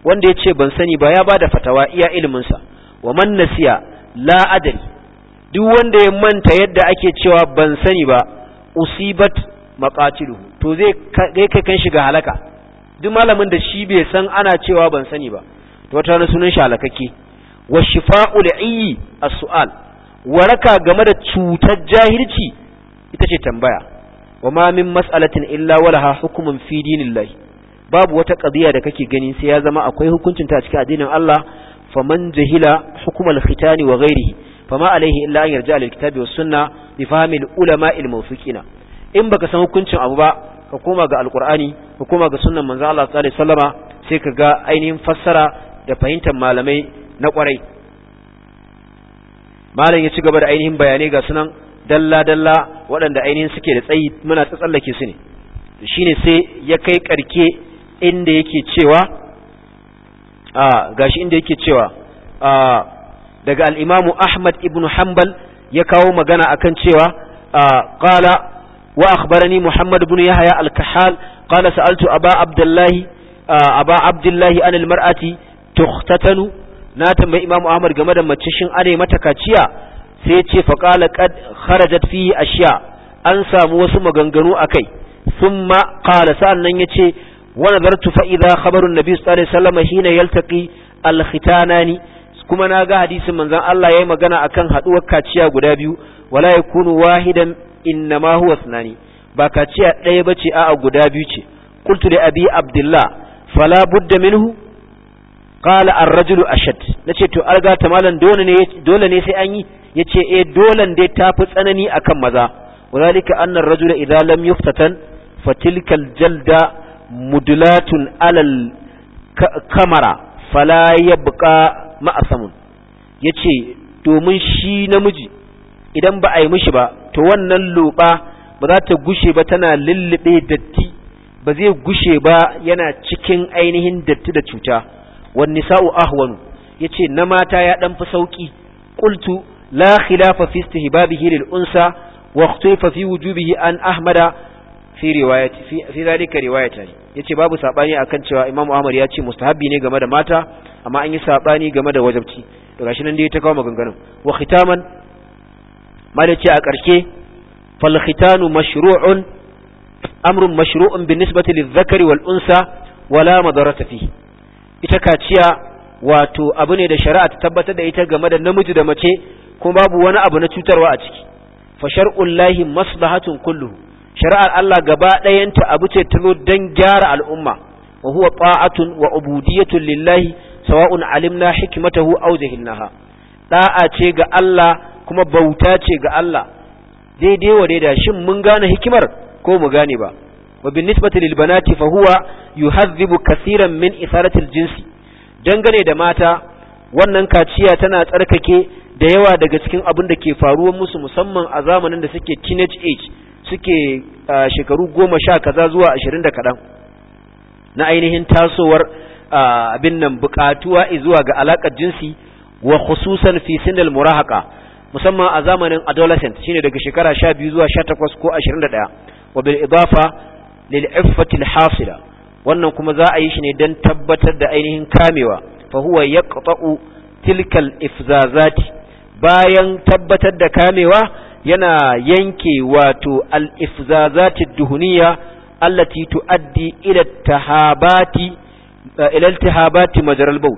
wanda yace ban sani ba ya bada fatawa iya ilimin sa wa man nasiya la adri duk wanda ya manta yadda ake cewa ban sani ba usibat maqatiluhu to zai kai kan shiga halaka duk malamin da shi bai san ana cewa ban sani ba to wata sunan shi halakakke wa shifa'u li'i a sual waraka game da cutar jahilci ita ce tambaya wa ma min mas'alatin illa walaha hukuman fi dinillah babu wata qadiya da kake gani sai ya zama akwai hukuncin ta cikin addinin Allah faman jahila hukumal khitani wa fa ma alaihi illa an yarja lil kitabi was bi fahmi ulama al in baka san hukuncin abu ba ka koma ga alƙur'ani ka koma ga sunan manzo Allah sallallahu sai ka ga ainihin fassara da fahimtar malamai na kwarai malam ya ci gaba da ainihin bayanai ga sunan dalla-dalla waɗanda ainihin suke da tsayi muna ta tsallake su ne ne sai ya kai karke inda yake cewa a gashi inda yake cewa daga al'imamu Ahmad ibn Hanbal ya kawo magana a kan cewa ƙala wa akhbarani Muhammad ibn yahaya alkahal ƙala sa'altu a ba abdullahi an al-mar'ati na tambayi imamu ahmad game da mace shin are mata kaciya sai ce fa qala qad kharajat fi ashiya an samu wasu maganganu akai thumma qala sa'annan yace wa nadartu fa idha khabarun nabi sallallahu alaihi wasallam hina yaltaqi al khitanani kuma na ga hadisin manzon Allah yayi magana akan haduwar kaciya guda biyu wala yakunu wahidan innama huwa thnani ba kaciya ɗaya bace a'a guda biyu ce qultu li abi abdullah fala budda minhu qala ar-rajulu ashad nace to arga ta malan dole ne dole ne sai an yi yace eh dolan dai tafi tsanani akan maza walika anna ar-rajula idza lam yuftatan al-jalda mudlatun alal kamara fala yabqa ma'asamun yace domin shi namiji idan ba a yi mishi ba to wannan loba ba za ta gushe ba tana lullube datti ba zai gushe ba yana cikin ainihin datti da cuta wan nisa'u ahwanu yace na mata ya dan fi sauki qultu la khilafa fi istihbabihi lil unsa wa ikhtifa fi wujubihi an ahmada fi riwayati fi zalika yace babu sabani akan cewa imamu ahmad ya ce mustahabbi ne game da mata amma an yi sabani game da wajibci to gashi nan dai ta kawo maganganun wa khitaman a karshe fal khitanu mashru'un amrun mashru'un bi nisbati lil zakari wal unsa wala madarata fihi ita kaciya wato abu ne da shari'a ta tabbatar da ita game da namiji da mace kuma babu wani abu na cutarwa a ciki fa shar'ul lahi maslahatun kullu shari'ar Allah gaba ɗayanta abu ce tuno dan gyara al'umma wa huwa ta'atun wa ubudiyatun lillahi sawa'un alimna hikmatahu aw jahilnaha da'a ce ga Allah kuma bauta ce ga Allah daidai wa daidai shin mun gane hikimar ko mu gane ba وبالنسبة للبنات فهو يهذب كثيرا من إثارة الجنس dangane da mata wannan kaciya tana tsarkake da yawa daga cikin abin da ke faruwa musu musamman a zamanin da suke teenage age suke shekaru goma sha kaza zuwa ashirin da kaɗan na ainihin tasowar abin nan buƙatuwa zuwa ga alaƙar jinsi wa khususan fi sinal murahaka musamman a zamanin adolescent shine daga shekara sha biyu zuwa sha takwas ko ashirin da ɗaya wa bil idafa lil hasila wannan kuma za a yi shi ne don tabbatar da ainihin kamewa fa huwa yaqta'u tilkal ifzazati bayan tabbatar da kamewa yana yanke wato al ifzazati duhuniya allati tuaddi ila tahabati ila tahabati majral bawl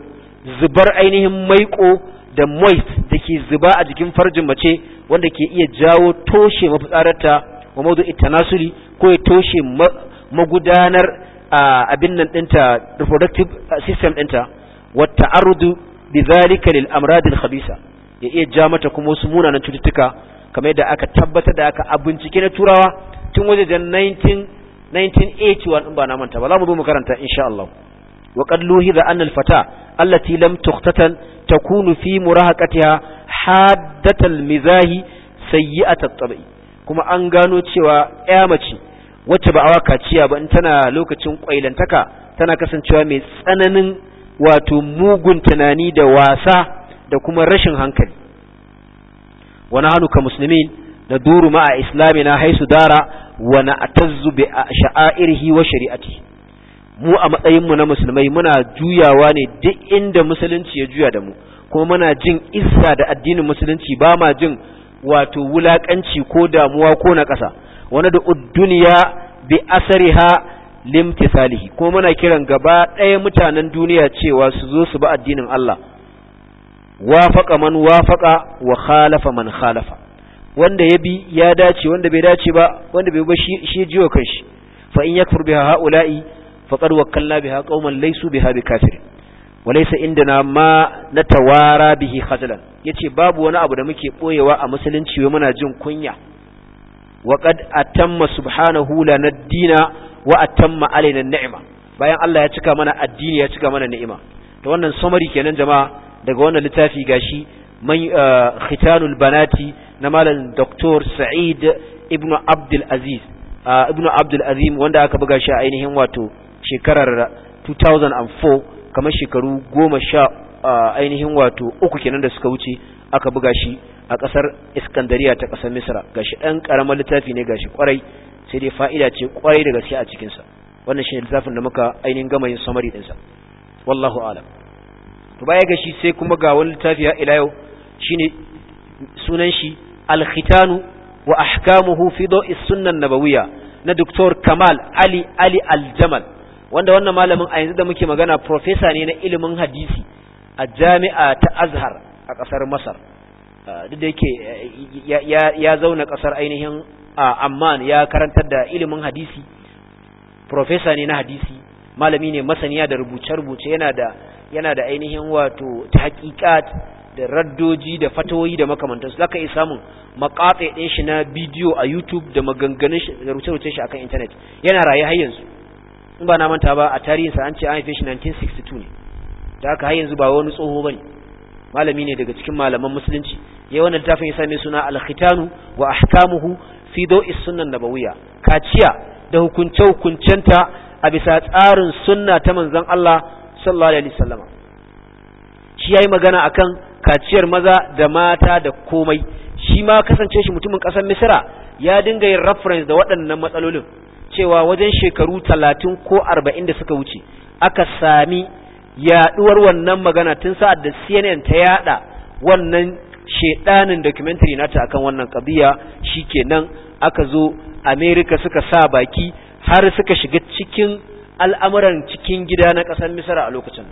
zubar ainihin maiƙo da moist da ke zuba a jikin farjin mace wanda ke iya jawo toshe mafitsararta wa mawdu'i tanasuli ko ya toshe magudanar abin nan dinta reproductive system ɗinta wata arudu bi zalika lil amradil khabisa ya iya ja mata kuma wasu munanan cututtuka kamar yadda aka tabbatar da aka a bincike na turawa tun wajejen 1981 in ba na manta ba za mu zo mu karanta insha Allah wa qad luhiza anna al fata allati lam tuhtatan takunu fi murahaqatiha haddatal mizahi sayyi'at at-tabi'i kuma an gano cewa ya mace wacce ba a awa kaciya ba in tana lokacin kwailantaka tana kasancewa mai tsananin wato mugun tunani da wasa da kuma rashin hankali wani hannu ka musulmi na duru a islami na haisu dara wani a tazzu a sha'a'irhi wa shari'ati mu a matsayinmu na musulmai muna juyawa ne duk inda musulunci ya juya da mu kuma muna jin isa da addinin musulunci ba ma jin wato wulakanci ko damuwa ko na ƙasa wani da duniya bi asari limti limtisalihi kuma muna kiran gaba ɗaya mutanen duniya cewa su zo su ba addinin Allah wafaqa man wafaqa wa khalafa man khalafa wanda ya bi ya dace wanda bai dace ba wanda bai ba shi shi jiwa kanshi fa in yakfur biha haula'i faqad wakkalna biha qauman laysu biha bikafirin walaisa indana ma na tawara bihi khajlan yace babu wani abu da muke boyewa a musulunci wai muna jin kunya wa qad atamma subhanahu lana dina wa atamma alaina ni'ma bayan Allah ya cika mana addini ya cika mana ni'ima to wannan summary kenan jama'a daga wannan littafi gashi man uh, khitanul banati na malam dr sa'id ibn abdul aziz uh, ibn abdul azim wanda aka buga shi a ainihin wato shekarar 2004 uh, kamar shekaru goma sha ainihin wato uku kenan da suka wuce aka buga shi a ƙasar iskandariya ta ƙasar misra gashi ɗan ƙaramar littafi ne shi kwarai sai dai fa'ida ce kwarai da gaske a cikinsa wannan shi ne littafin da muka ainihin gama yin samari ɗinsa wallahu alam to baya ga shi sai kuma ga wani littafi ya ila yau sunan shi alkhitanu wa ahkamuhu fi dawi sunnan nabawiyya na doktor kamal ali ali aljamal wanda wannan malamin a yanzu da muke magana profesa ne na ilimin hadisi a jami'a ta azhar a ƙasar masar duk da yake eh, ya zauna ƙasar ainihin a amman ya karantar da ilimin hadisi profesa ne na hadisi malami ne masaniya da rubuce-rubuce yana da ainihin wato ta tahqiqat da raddoji da fatoyi da makamantansu zaka iya samun makatsa din shi na bidiyo a YouTube da maganganun shi da rubuce shi akan intanet yana rayu har yanzu in ba na manta ba a tarihinsa an ce an haife 1962 ne da aka har yanzu ba wani tsoho bane malami ne daga cikin malaman musulunci yayin wannan littafin ya same suna al-khitanu wa ahkamuhu fi daw'is sunnah nabawiyya kaciya da hukunce hukuncenta a bisa tsarin sunna ta manzon Allah sallallahu alaihi wasallam shi yayi magana akan kaciyar maza da mata da komai shi ma kasance shi mutumin kasar misira ya dinga yin reference da waɗannan matsalolin cewa wajen shekaru talatin ko arba'in da suka wuce aka sami yaɗuwar wannan magana tun sa'ad da CNN ta yaɗa wannan shedanin documentary nata akan wannan kabiya shikenan aka zo America suka sa baki har suka shiga cikin al'amuran cikin gida na ƙasar Misra a lokacin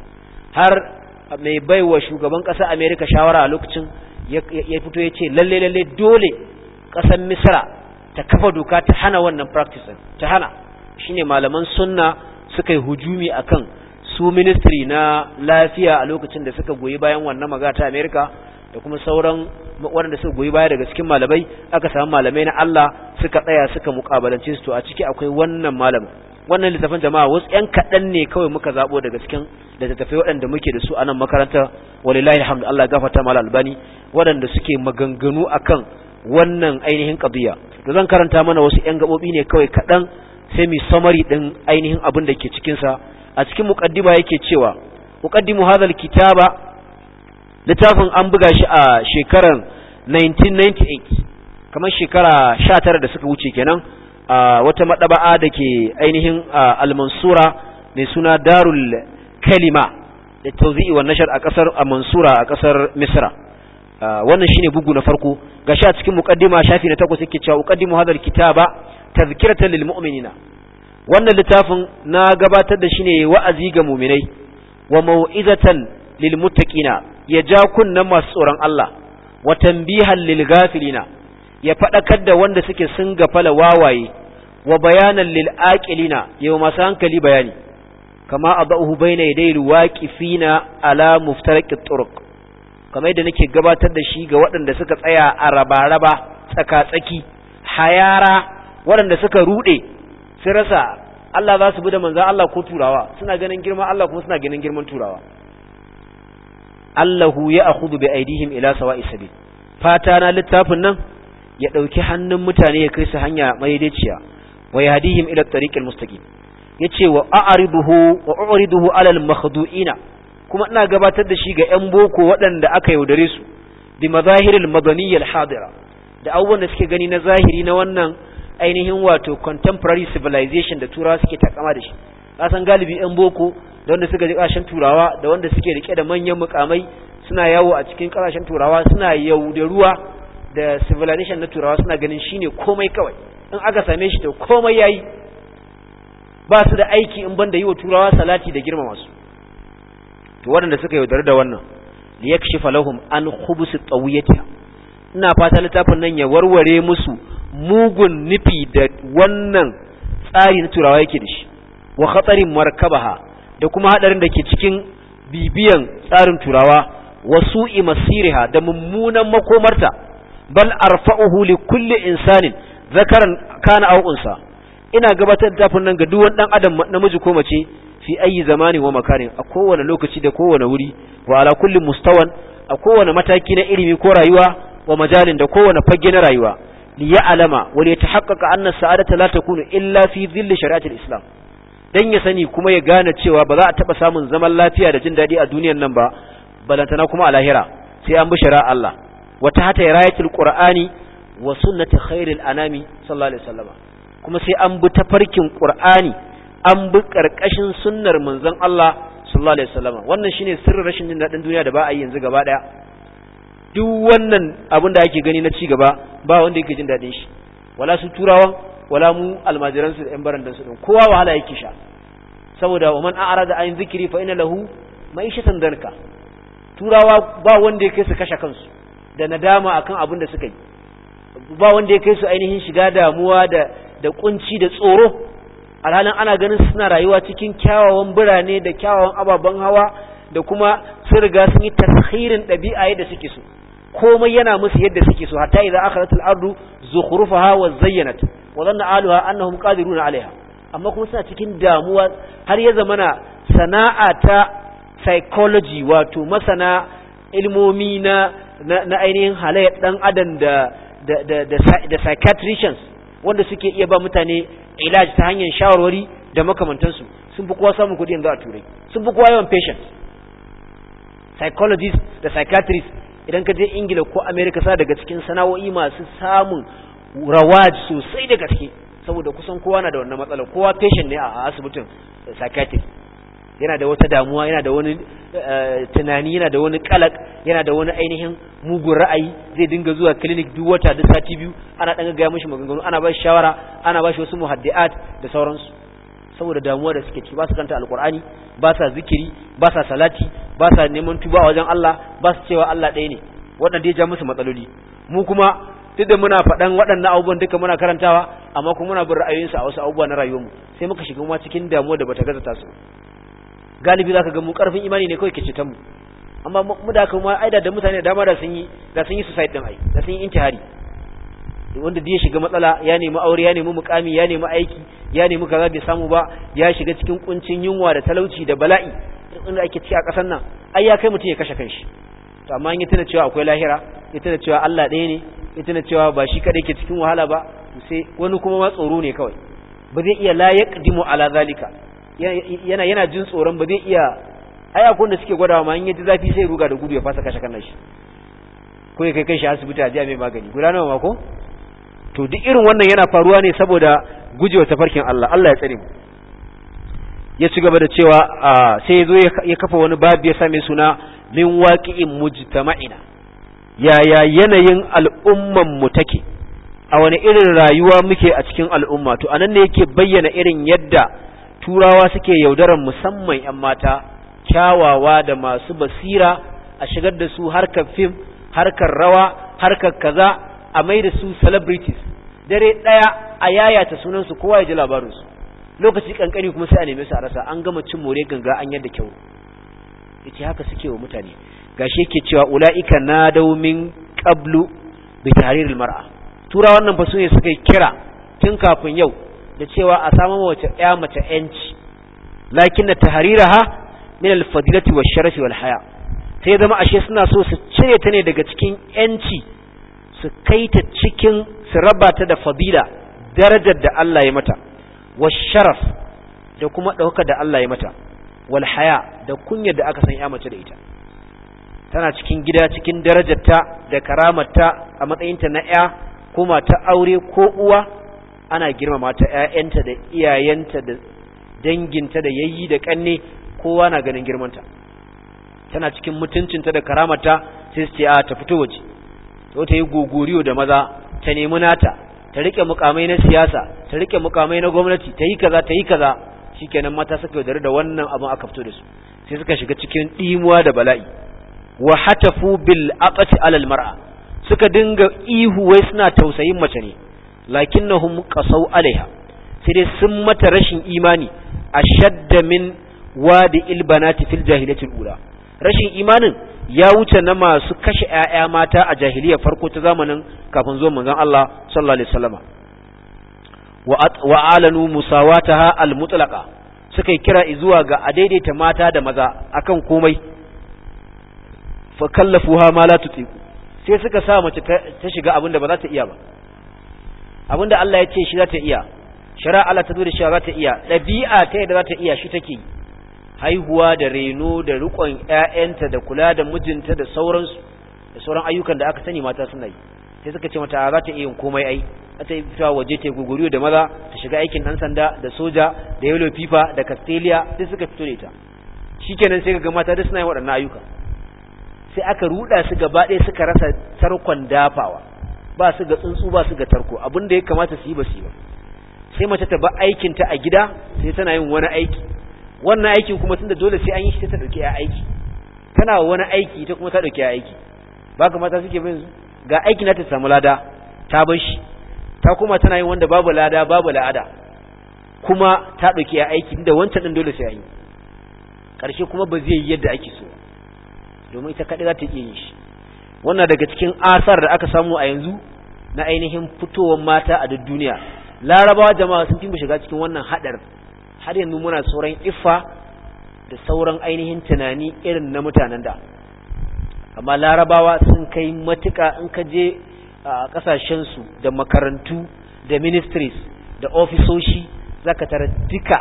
har mai baiwa shugaban ƙasar America shawara a lokacin ya fito ya ce lalle lalle dole ƙasar Misra ta kafa doka ta hana wannan practice ta hana shine malaman sunna suka yi hujumi akan su ministry na lafiya a lokacin da suka goyi bayan wannan maga ta America da kuma sauran waɗanda suka goyi baya daga cikin malamai aka samu malamai na Allah suka tsaya suka mukabalance su to a ciki akwai wannan malamin wannan littafin jama'a wasu ƴan kaɗan ne kawai muka zaɓo daga cikin littattafai waɗanda muke da su a nan makaranta walillahi alhamdu Allah gafarta mal albani waɗanda suke maganganu akan wannan ainihin qadiya Da zan karanta mana wasu yan gabobi ne kawai kaɗan sai mu samari ɗin ainihin abin da ke cikin sa a cikin muqaddima yake cewa muqaddimu hadha kitaba littafin an buga shi a shekarar 1998 kamar shekara 19 da suka wuce kenan a wata madaba'a da ke ainihin al-mansura mai suna darul kalima da tauzi'i wa nashar a kasar a mansura a ƙasar misra wannan shine bugu na farko gashi a cikin muqaddima shafi na takwas yake cewa uqaddimu hadal kitaba tadhkiratan lil mu'minina wannan littafin na gabatar da shi ne wa'azi ga mu'minai wa mau'izatan lil ya ja kunnan masu tsoron Allah wa tanbihan lil ya fadakar da wanda suke sun gafala wawaye wa bayanan lil aqilina yau masu hankali bayani kama adahu bayna yadayil waqifina ala muftaraqit turuq kamar yadda nake gabatar da shi ga waɗanda suka tsaya a raba-raba tsaka-tsaki hayara waɗanda suka ruɗe su rasa Allah za su bi da manza Allah ko turawa suna ganin girman Allah kuma suna ganin girman turawa Allahu ya akhudhu bi aidihim ila sawa'i sabil fata na littafin nan ya dauki hannun mutane ya kai su hanya mai madaidaiciya wa yahdihim ila tariqil mustaqim yace wa a'riduhu wa u'riduhu ala al-makhdu'ina kuma ina gabatar da shi ga 'yan boko waɗanda aka yaudare su bi mazahiril madaniyal hadira da abubuwan da suke gani na zahiri na wannan ainihin wato contemporary civilization da turawa suke takama da shi kasan galibi 'yan boko da wanda suka ji kasashen turawa da wanda suke rike da manyan mukamai suna yawo a cikin kasashen turawa suna yaudaruwa da civilization na turawa suna ganin shine komai kawai in aka same shi to komai yayi ba su da aiki in ban da yi wa turawa salati da girmama su to waɗanda suka yaudare da wannan yakshifa lahum an khubusi tawiyatiha ina fata littafin nan ya warware musu mugun nufi da wannan tsari na turawa yake da shi wa khatarin markabaha da kuma hadarin da ke cikin bibiyan tsarin turawa wa su'i masiriha da mummunan makomarta bal arfa'uhu li kulli insanin zakaran kana au'unsa. ina gabatar da nan ga duwan dan adam namiji ko mace fi ayi zamani wa makarin a kowane lokaci da kowane wuri wa ala kulli mustawan a kowane mataki na ilimi ko rayuwa wa majalin da kowane fage na rayuwa li ya'lama wa li tahaqqaqa anna sa'adata la takunu illa fi dhilli shari'ati al-islam dan ya sani kuma ya gane cewa ba za a taba samun zaman lafiya da jin dadi a duniyar nan ba balantana kuma a lahira sai an bi shari'a Allah wa hata rayatul qur'ani wa sunnati khairil anami sallallahu alaihi wasallam kuma sai an bi tafarkin qur'ani an bi karkashin sunnar manzon Allah sallallahu alaihi wasallam wannan shine sirrin rashin jin dadin duniya da ba a yi yanzu gaba daya duk wannan abin da ake gani na ci gaba ba wanda yake jin dadin shi wala su turawan wala mu almajiran su da yan barandansu. su din kowa wahala yake sha saboda wa man a'rada an zikri fa inna lahu ma'ishatan danka turawa ba wanda yake su kashe kansu da nadama akan abin da suka yi ba wanda ya kai su ainihin shiga damuwa da da kunci da tsoro alhalin ana ganin suna rayuwa cikin kyawawan birane da kyawawan ababen hawa da kuma sun riga sun yi tashirin ɗabi'a yadda suke so komai yana musu yadda suke so hatta idza akharatul ardu zukhrufaha wa zayyanat wa dhanna ahluha annahum qadiruna alaiha amma kuma suna cikin damuwa har ya zamana sana'a ta psychology wato masana ilmomi na na ainihin halayyar dan adam da da da, da, da psychiatricians wanda suke iya ba mutane ilaj ta hanyar shawarwari da makamantansu sun fi kowa samun kuɗi yanzu a turai sun fi kowa yawan patient psychologist da psychiatrist idan ka je ingila ko america sa daga cikin sana'o'i masu samun rawaji sosai da gaske saboda kusan kowa na da wannan matsalar kowa patient ne a asibitin psychiatrist yana da wata damuwa yana da wani eh, tunani yana da wani kalak yana da wani ainihin mugun ra'ayi zai dinga zuwa clinic duk wata duk sati biyu ana danga ga mishi maganganu ana ba shi shawara ana ba shi wasu muhaddiat da sauransu saboda damuwa da suke ci ba su kanta alqur'ani ba sa zikiri ba sa salati ba sa neman tuba wajen Allah ba su cewa Allah ɗaya ne waɗanda ya ja musu matsaloli mu kuma duk da muna faɗan waɗannan abubuwan duka muna karantawa amma kuma muna bin ra'ayoyinsu a wasu abubuwa na rayuwarmu sai muka shiga cikin damuwa da bata gaza tasu galibi zaka ga mu karfin imani ne kawai ke cutar mu amma mu da kuma aida da mutane da dama da sun yi da sun yi suicide din ai da sun yi intihari wanda da ya shiga matsala ya nemi aure ya nemi mukami ya nemi aiki ya nemi kaza bai samu ba ya shiga cikin kuncin yunwa da talauci da bala'i inda ake ci a kasar nan ai ya kai mutum ya kashe kanshi to amma in ya tana cewa akwai lahira ya tana cewa Allah ɗaya ne ya tana cewa ba shi kaɗai ke cikin wahala ba sai wani kuma ma tsoro ne kawai ba zai iya la yaqdimu ala zalika yana yana jin tsoron ba zai iya ai da suke gwadawa ma in yaji zafi sai ruga da gudu ya fasa kashe kan shi ko ya kai kai shi asibiti a jami'a mai magani guda nawa ma ko to duk irin wannan yana faruwa ne saboda gujewa tafarkin Allah Allah ya tsare mu ya ci gaba da cewa sai ya zo ya kafa wani babu ya same suna min waqi'in mujtama'ina yaya yanayin al'umman mu take a wani irin rayuwa muke a cikin al'umma to anan ne yake bayyana irin yadda turawa suke yaudarar musamman 'yan mata kyawawa da masu basira a shigar da su harkar fim harkar rawa harkar kaza a mai da su celebrities dare ɗaya a yayata sunansu kowa ya ji labarinsu lokaci kankani kuma sai a neme su a rasa an gama cin more ganga an yadda kyau yace haka suke wa mutane gashi yake cewa ulaika na daumin qablu bi tahrir turawan mar'a tura wannan fa sune suka kira tun kafin yau da cewa a samu wace ya mace yanci lakin na ha min al-fadilati wa sharafi wal haya sai zama ashe suna so su cire ta ne daga cikin yanci su kai ta cikin su raba ta da fadila darajar da Allah ya mata wa sharaf da kuma ɗauka da Allah ya mata wal haya da kunya da aka san ya mace da ita tana cikin gida cikin darajarta da karamarta a matsayinta na ya kuma ta aure ko uwa ana girmama ta ƴaƴanta da iyayenta da danginta da yayyi da kanne kowa na ganin girmanta tana cikin mutuncinta da karamata sai su ce a ta fito waje to ta yi gogoriyo da maza ta nemi nata ta rike mukamai na siyasa ta rike mukamai na gwamnati ta yi kaza ta yi kaza shikenan mata suka yaudare da wannan abin aka fito da su sai suka shiga cikin ɗimuwa da bala'i wa hatafu bil aqati alal mar'a suka dinga ihu wai suna tausayin mace ne lakinnahum qasaw alaiha sai dai sun mata rashin imani ashadda min wadi ilbanati fil jahiliyatil ula rashin imanin ya wuce na masu kashe ƴaƴa mata a jahiliya farko ta zamanin kafin zuwan manzon Allah sallallahu alaihi wasallama wa alanu musawataha al mutlaqa suka kira zuwa ga a daidaita mata da maza akan komai fa kallafuha ma la tutiqu sai suka sa mace ta shiga abinda da ba za ta iya ba abinda Allah ya ce shi za ta iya shari'a Allah ta zo da shi za ta iya ɗabi'a ta yadda za ta iya shi take haihuwa da reno da riƙon ƴaƴanta da kula da mijinta da sauransu da sauran ayyukan da aka sani mata suna yi sai suka ce mata za ta iya yin komai ai a ta fita waje ta guguriyo da maza ta shiga aikin ɗan sanda da soja da yellow fifa da castelia sai suka fito da ita kenan sai ga mata duk suna yin waɗannan ayyuka sai aka ruɗa su gaba ɗaya suka rasa tarkon dafawa ba su ga tsuntsu ba su ga tarko abin da ya kamata su yi ba su yi ba sai mace ta ba aikin ta a gida sai tana yin wani aiki wannan aikin kuma tunda dole sai an yi shi ta dauke ya aiki tana wani aiki ita kuma ta dauke ya aiki ba ga mata suke bin ga aiki na ta samu lada ta bar shi ta kuma tana yin wanda babu lada babu la'ada kuma ta dauke ya aiki inda wancan din dole sai an yi karshe kuma ba zai yi yadda ake so domin ita kadai za ta iya yin shi wannan daga cikin asar da aka samu a yanzu na ainihin fitowar mata a duk duniya larabawa jama'a sun fi shiga cikin wannan hadar har yanzu muna sauran iffa da sauran ainihin tunani irin na mutanen da amma larabawa sun kai matuka in ka je a kasashen da makarantu da ministries da ofisoshi zaka tara duka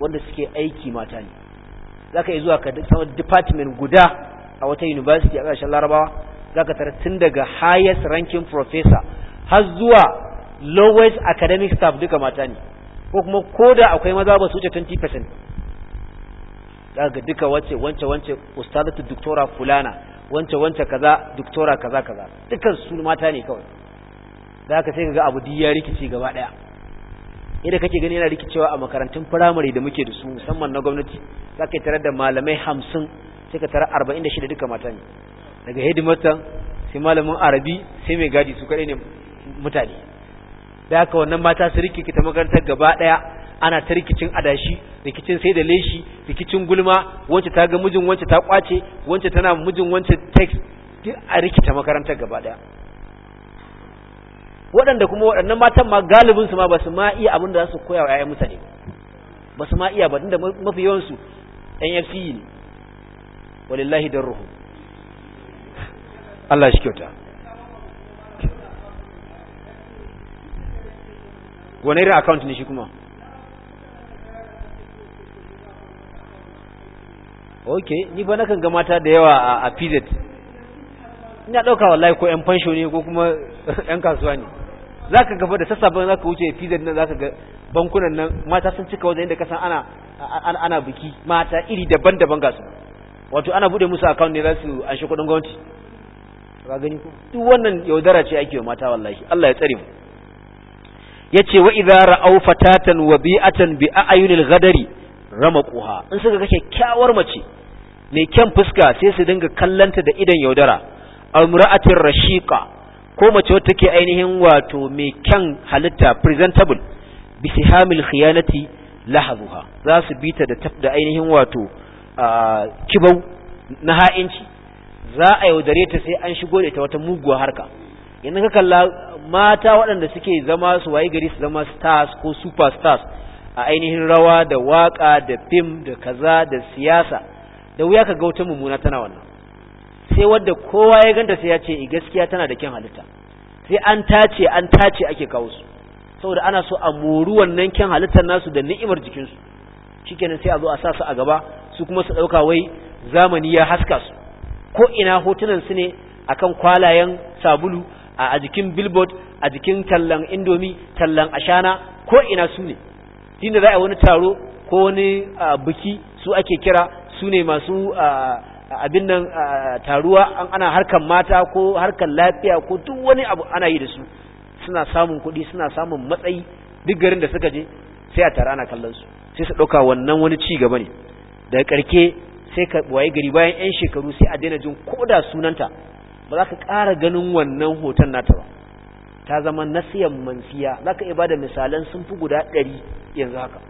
wanda suke aiki mata ne zaka yi zuwa ka sama department guda a wata university a kasashen larabawa zaka tara tun daga highest ranking professor har zuwa lowest academic staff duka mata ne ko kuma koda akwai maza ba su wuce 20% daga duka wace wance wance ustazatu doctora fulana wance wance kaza doctora kaza kaza dukan su mata ne kawai zaka sai kaga abu ya rikici gaba daya idan kake gani yana rikicewa a makarantun primary da muke da su musamman na gwamnati zaka tarar da malamai 50 sai ka tarar 46 duka mata ne daga hidimatan sai malamin arabi sai mai gadi su kaɗai ne mutane da aka wannan mata su rikikita makarantar gaba ɗaya ana ta rikicin adashi rikicin sai da leshi rikicin gulma wacce ta ga mijin wacce ta kwace wacce tana mijin wacce text duk a rikita makarantar gaba ɗaya waɗanda kuma waɗannan matan ma galibinsu ma ba su ma iya abin da za su koya wa 'ya'yan mutane ba su ma iya ba da mafi yawansu yan fce ne walillahi don ruhu Allah shi kyauta wane irin account ne shi kuma ok ni ba nakan ga mata da yawa a pz ina ɗauka wallahi ko 'yan fansho ne ko kuma 'yan kasuwa ne za ka gaba da sassafen za ka wuce pz nan za ka ga bankunan nan mata sun cika wajen inda kasan ana ana biki mata iri daban-daban ga su wato ana bude musu account ne za su an shi kuɗin gwamnati ka gani duk wannan yaudara ce ake wa mata wallahi Allah ya tsare mu yace wa idza ra'aw fatatan wa bi'atan bi a'yunil ghadari ramaquha in suka ga kyakkyawar mace mai kyan fuska sai su dinga kallanta da idan yaudara amra'atir rashiqa ko mace wacce take ainihin wato mai kyan halitta presentable bi sihamil khiyanati lahazuha za su bita da tafda ainihin wato ah, kibau na ha'inci za a yaudare ta sai an shigo da ita wata muguwa harka yanzu ka kalla mata waɗanda suke zama su wayi gari su zama stars ko superstars a ainihin rawa da waka da fim da kaza da siyasa da wuya ka ga wata mummuna tana wannan sai wadda kowa ya ganta sai ya ce eh, gaskiya tana da kyan halitta sai an tace an tace ake kawo su saboda ana so a mori wannan kyan halittar nasu da ni'imar jikinsu shikenan sai a zo a sa su a gaba su kuma su ɗauka wai zamani ya haska su ko ina hotunan su ne akan kwalayen sabulu a jikin billboard a jikin tallan indomi tallan ashana ko ina su ne inda za a wani taro ko wani biki su ake kira su ne masu abin nan taruwa ana harkan mata ko harkan lafiya ko duk wani abu ana yi da su suna samun kuɗi suna samun matsayi duk garin da suka je sai a tara ana kallon su sai su ɗauka wannan wani ci gaba ne Da ƙarke sai ka waye gari bayan 'yan shekaru sai a daina jin koda sunanta ba za ka kara ganin wannan hoton nata ba ta zama nasiyan mansiya za ka iya ba misalan sun fi guda ɗari yanzu haka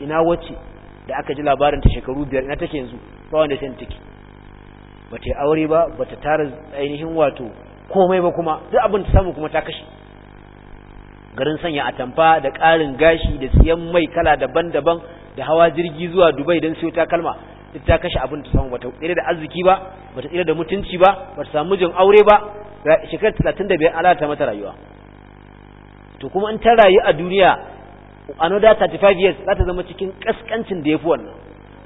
ina wacce da aka ji labarin ta shekaru biyar ina take yanzu ba wanda sai take ba ta aure ba ba ta tara ainihin wato komai ba kuma duk abin ta samu kuma ta kashe garin sanya atamfa da ƙarin gashi da siyan mai kala daban-daban da hawa jirgi zuwa dubai don siyo takalma ta kashe abin ta samu bata tsira da arziki ba bata tsira da mutunci ba bata samu mijin aure ba shekarar talatin da biyar alata mata rayuwa to kuma in ta rayu a duniya another thirty five years za ta zama cikin kaskancin da ya fi wannan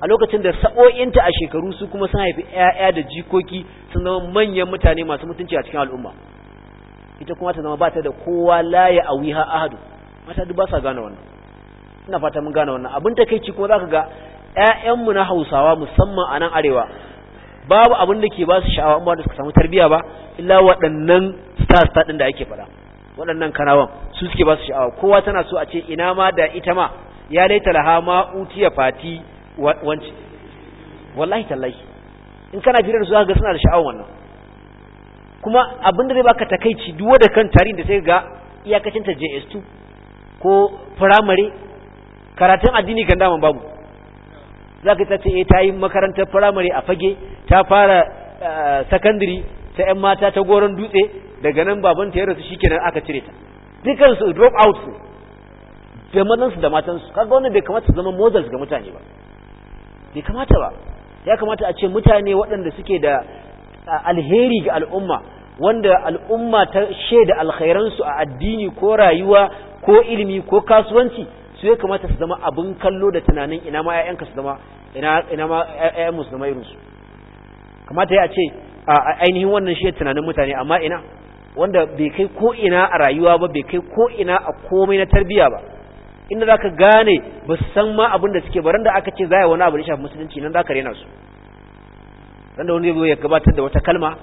a lokacin da sa'o'inta a shekaru su kuma sun haifi ƴaƴa da jikoki sun zama manyan mutane masu mutunci a cikin al'umma ita kuma ta zama ba ta da kowa laye a wiha ahadu mata duk ba sa gane wannan ina fata mun gane wannan abin takeici kuma ka ga ƴaƴanmu na Hausawa musamman a nan arewa babu abin da ke ba su sha'awa amma da suka samu tarbiyya ba illa waɗannan stars ta ɗin da ake faɗa waɗannan kanawan su suke ba su sha'awa kowa tana so a ce ina ma da ita ma ya dai talaha ma utiya fati wanci wallahi tallahi in kana firar su ga suna da sha'awa wannan kuma abin da zai baka takaici duwa da kan tarihin da sai ga iyakacin ta JS2 ko primary karatun addini kan daman babu za ka tace eh ta yi makarantar firamare a fage ta fara eh, sakandiri ta yan mata ta goron dutse daga nan babanta ya rasu shikenan aka cire ta dukan drop out su da mazan da matan su kaga wannan bai kamata zama models ga mutane ba bai kamata ba ya kamata a ce mutane waɗanda suke da alheri ga al'umma wanda al'umma ta shaida alkhairansu a addini ko rayuwa ko ilimi ko kasuwanci su ya kamata su zama abin kallo da tunanin ina ma 'ya'yanka su zama ina ma ƴaƴan su irin kamata ya ce a ainihin wannan shi tunanin mutane amma ina wanda bai kai ko ina a rayuwa ba bai kai ko ina a komai na tarbiyya ba inda za ka gane ba su san ma abin da suke baran da aka ce za a wani abu da shafi musulunci nan za ka rena su ran da wani ya gabatar da wata kalma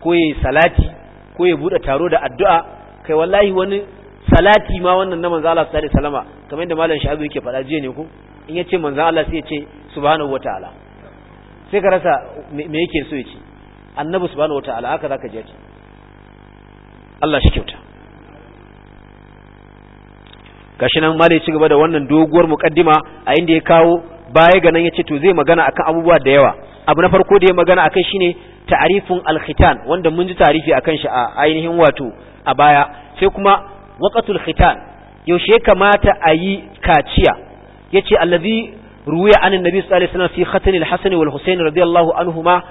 ko ya salati ko ya buɗe taro da addu'a kai wallahi wani salati ma wannan na manza Allah sallallahu alaihi kamar yadda malam shabi yake faɗa jiya ne ko in yace manzan Allah sai ya ce subhanahu wataala sai ka rasa me yake so ya ce annabi subhanahu wataala haka zaka je ce Allah shi kyauta gashi nan ma ya ci gaba da wannan doguwar mukaddima a inda ya kawo baya ga nan ya ce to zai magana akan abubuwa da yawa abu na farko da ya magana akan shine ta'arifin alkhitan wanda mun ji tarifi akan shi a ainihin wato a baya sai kuma waqatul khitan yaushe kamata a yi kaciya yace allazi ruwiya an nabi sallallahu alaihi wasallam fi khatn al-hasan wal husayn radiyallahu anhuma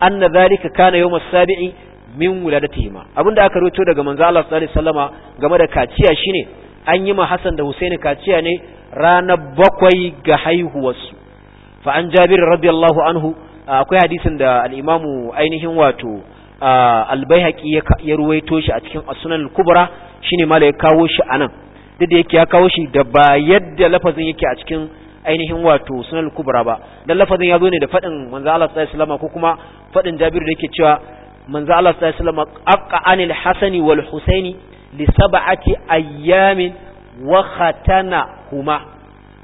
anna dhalika kana yawm as-sabi'i min wuladatihima abinda aka rawaito daga manzo Allah sallallahu alaihi wasallama game da kaciya shine an yi ma Hassan da Husaini kaciya ne ranar bakwai ga haihuwarsu fa an Jabir radiyallahu anhu akwai hadisin da al-Imam ainihin wato al-Baihaqi ya ruwaito shi a cikin As-Sunan al-Kubra shine mala ya kawo shi anan duk da yake ya kawo shi da ba yadda lafazin yake a cikin ainihin wato sunan kubra ba dan lafazin ya zo ne da fadin manzo Allah sallallahu alaihi ko kuma fadin Jabir da yake cewa manzo Allah sallallahu alaihi wasallam aqqa anil hasani wal husaini li sab'ati ayyamin wa khatana huma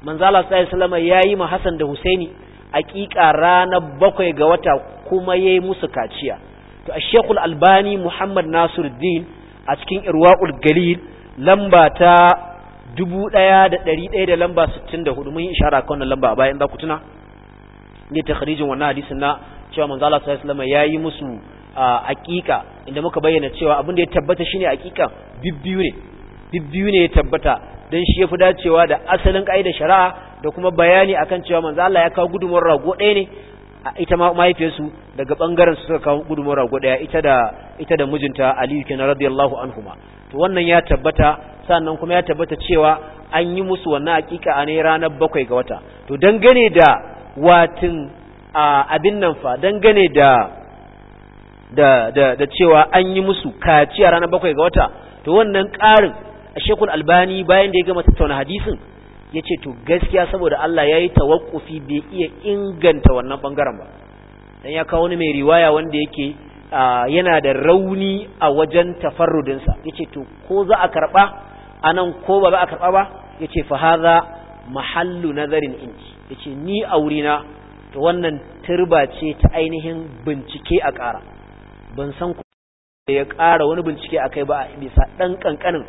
manzo Allah sallallahu alaihi wasallam yayi ma Hasan da Husaini aqiqa ranar bakwai ga wata kuma yayi musu kaciya to Sheikhul Albani Muhammad Nasiruddin a cikin Irwaul Galil lamba ta dubu ɗaya da ɗari ɗaya da lamba sittin da hudu mun yi ishara kan wannan lamba a bayan za ku tuna ne ta kharijin wannan hadisin na cewa manzo Allah sallallahu alaihi wasallam yayi musu hakika. inda muka bayyana cewa abin da ya tabbata shine hakika bibbiyu ne bibbiyu ne ya tabbata dan shi yafi dacewa da asalin kaidar shari'a da kuma bayani akan cewa manzo Allah ya kawo gudumar rago ɗaya ne ita ma mahaifiyarsu daga bangaren su suka kawo gudunmuwar rago daya ita da ita da mijinta Aliyu kenan radiyallahu ma to wannan ya tabbata sannan kuma ya tabbata cewa an yi musu wannan hakika a ne ranar bakwai ga wata to dangane da watin abin nan fa dangane da da da da cewa an yi musu kaciya ranar bakwai ga wata to wannan ƙarin Shekul Albani bayan da ya gama tattauna hadisin ya ce to gaskiya saboda Allah ya yi tawakkufi bai iya inganta wannan ɓangaren ba don ya kawo ni mai riwaya wanda yake yana da rauni a wajen tafarrudinsa ya ce to ko za a karɓa a nan ko ba za a karɓa ba ya ce fa haza mahallu nazarin inci ya ce ni a wurina to wannan turba ce ta ainihin bincike a ƙara ban san da ya ƙara wani bincike a kai ba a bisa ɗan ƙanƙanin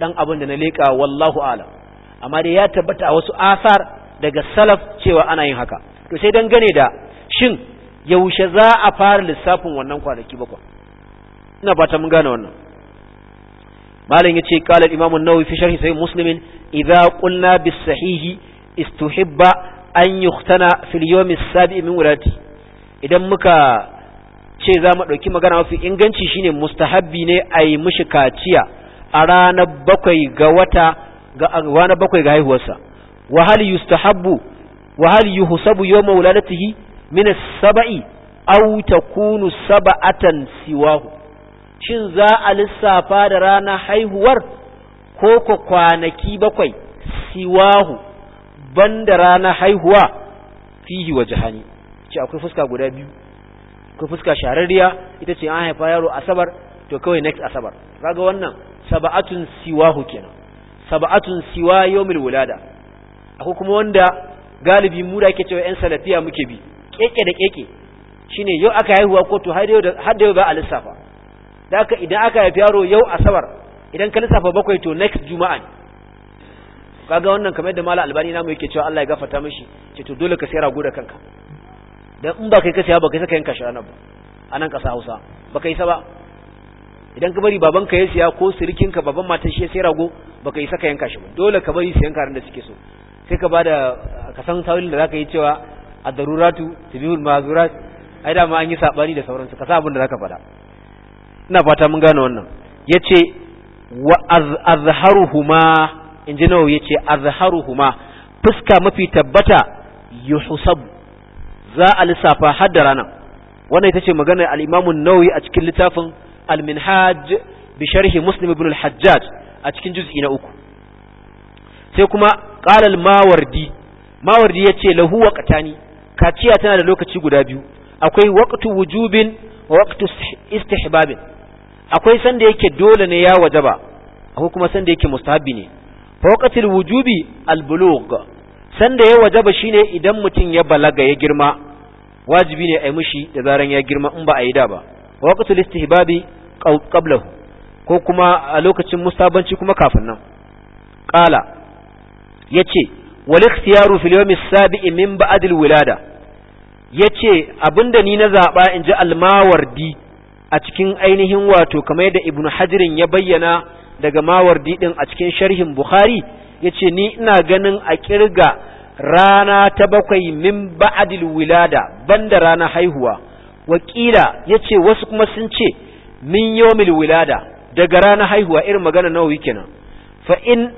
ɗan abin da na leƙa wallahu alam amma dai ya tabbata a wasu asar daga salaf cewa ana yin haka to sai gane da shin yaushe za a fara lissafin wannan kwanaki bakwai ina fata mun gane wannan malam yace qala al-imam an-nawawi fi sharh sahih muslim idza qulna bis sahih istuhibba an yuhtana fil yawm as-sabi min wulati idan muka ce za mu ɗauki magana mafi inganci shine mustahabbi ne a yi mishi kaciya a ranar bakwai ga wata ga bakwai ga haihuwarsa wa hal yustahabbu wa hal yuhsabu yawma wuladatihi min as-sab'i aw takunu sab'atan siwahu shin za a lissafa da rana haihuwar ko ko kwanaki bakwai siwahu banda rana haihuwa fihi wa jahani ce akwai fuska guda biyu akwai fuska shararriya ita ce an haifa yaro asabar to kawai next asabar kaga wannan sab'atun siwahu kenan sab'atun siwa yawmil wulada akwai kuma wanda galibi mu da ake cewa yan salafiya muke bi keke da keke shine yau aka haihuwa ko to har yau ba a lissafa da aka idan aka haifi yaro yau asabar idan ka lissafa bakwai to next juma'a kaga wannan kamar yadda mallam albani namu yake cewa Allah ya gafarta mishi ce to dole ka sai rago da kanka dan in ba kai ka saya ba kai saka yanka shi ba anan nan ƙasa Hausa ba kai sa ba idan ka bari babanka ya siya ko ka baban matan shi ya sai rago baka yi ka yanka shi ba dole ka bari siyan karin da suke so sai ka bada ka san tawilin da zaka yi cewa ad-daruratu tibihul mazurat ai da ma an yi sabani da sauransu ka sa abin da zaka fada ina fata mun gane wannan yace wa azharuhuma inji nawawi yace azharuhuma fuska mafi tabbata yuhsab za a lissafa har da wannan ita ce maganar al-imamu nawawi a cikin littafin al-minhaj bi sharhi muslim ibn al-hajjaj a cikin juz'i na uku sai kuma qala al-mawardi mawardi yace lahu waqtani kaciya tana da lokaci guda biyu akwai waqtu wujubin wa waqtu istihbabin akwai sanda yake dole ne ya wajaba akwai kuma sanda yake mustahabbi ne fa waqtil wujubi al-bulugh sanda ya wajaba shine idan mutum ya balaga ya girma wajibi ne a yi mishi da zaran ya girma in ba a yi da ba wa waqtul istihbabi qablahu ko kuma a lokacin mustabanci kuma kafin nan qala yace wal ikhtiyaru fil yawmi as-sabi'i min ba'd al-wilada yace abinda ni na zaɓa in ji mawardi a cikin ainihin wato kamar yadda ibnu hajirin ya bayyana daga mawardi ɗin a cikin sharhin bukhari yace ni ina ganin a kirga rana ta bakwai min ba'dil wilada banda rana haihuwa wakila yace wasu kuma sun ce min yawmil wilada daga ranar haihuwa irin magana nawawi kenan fa in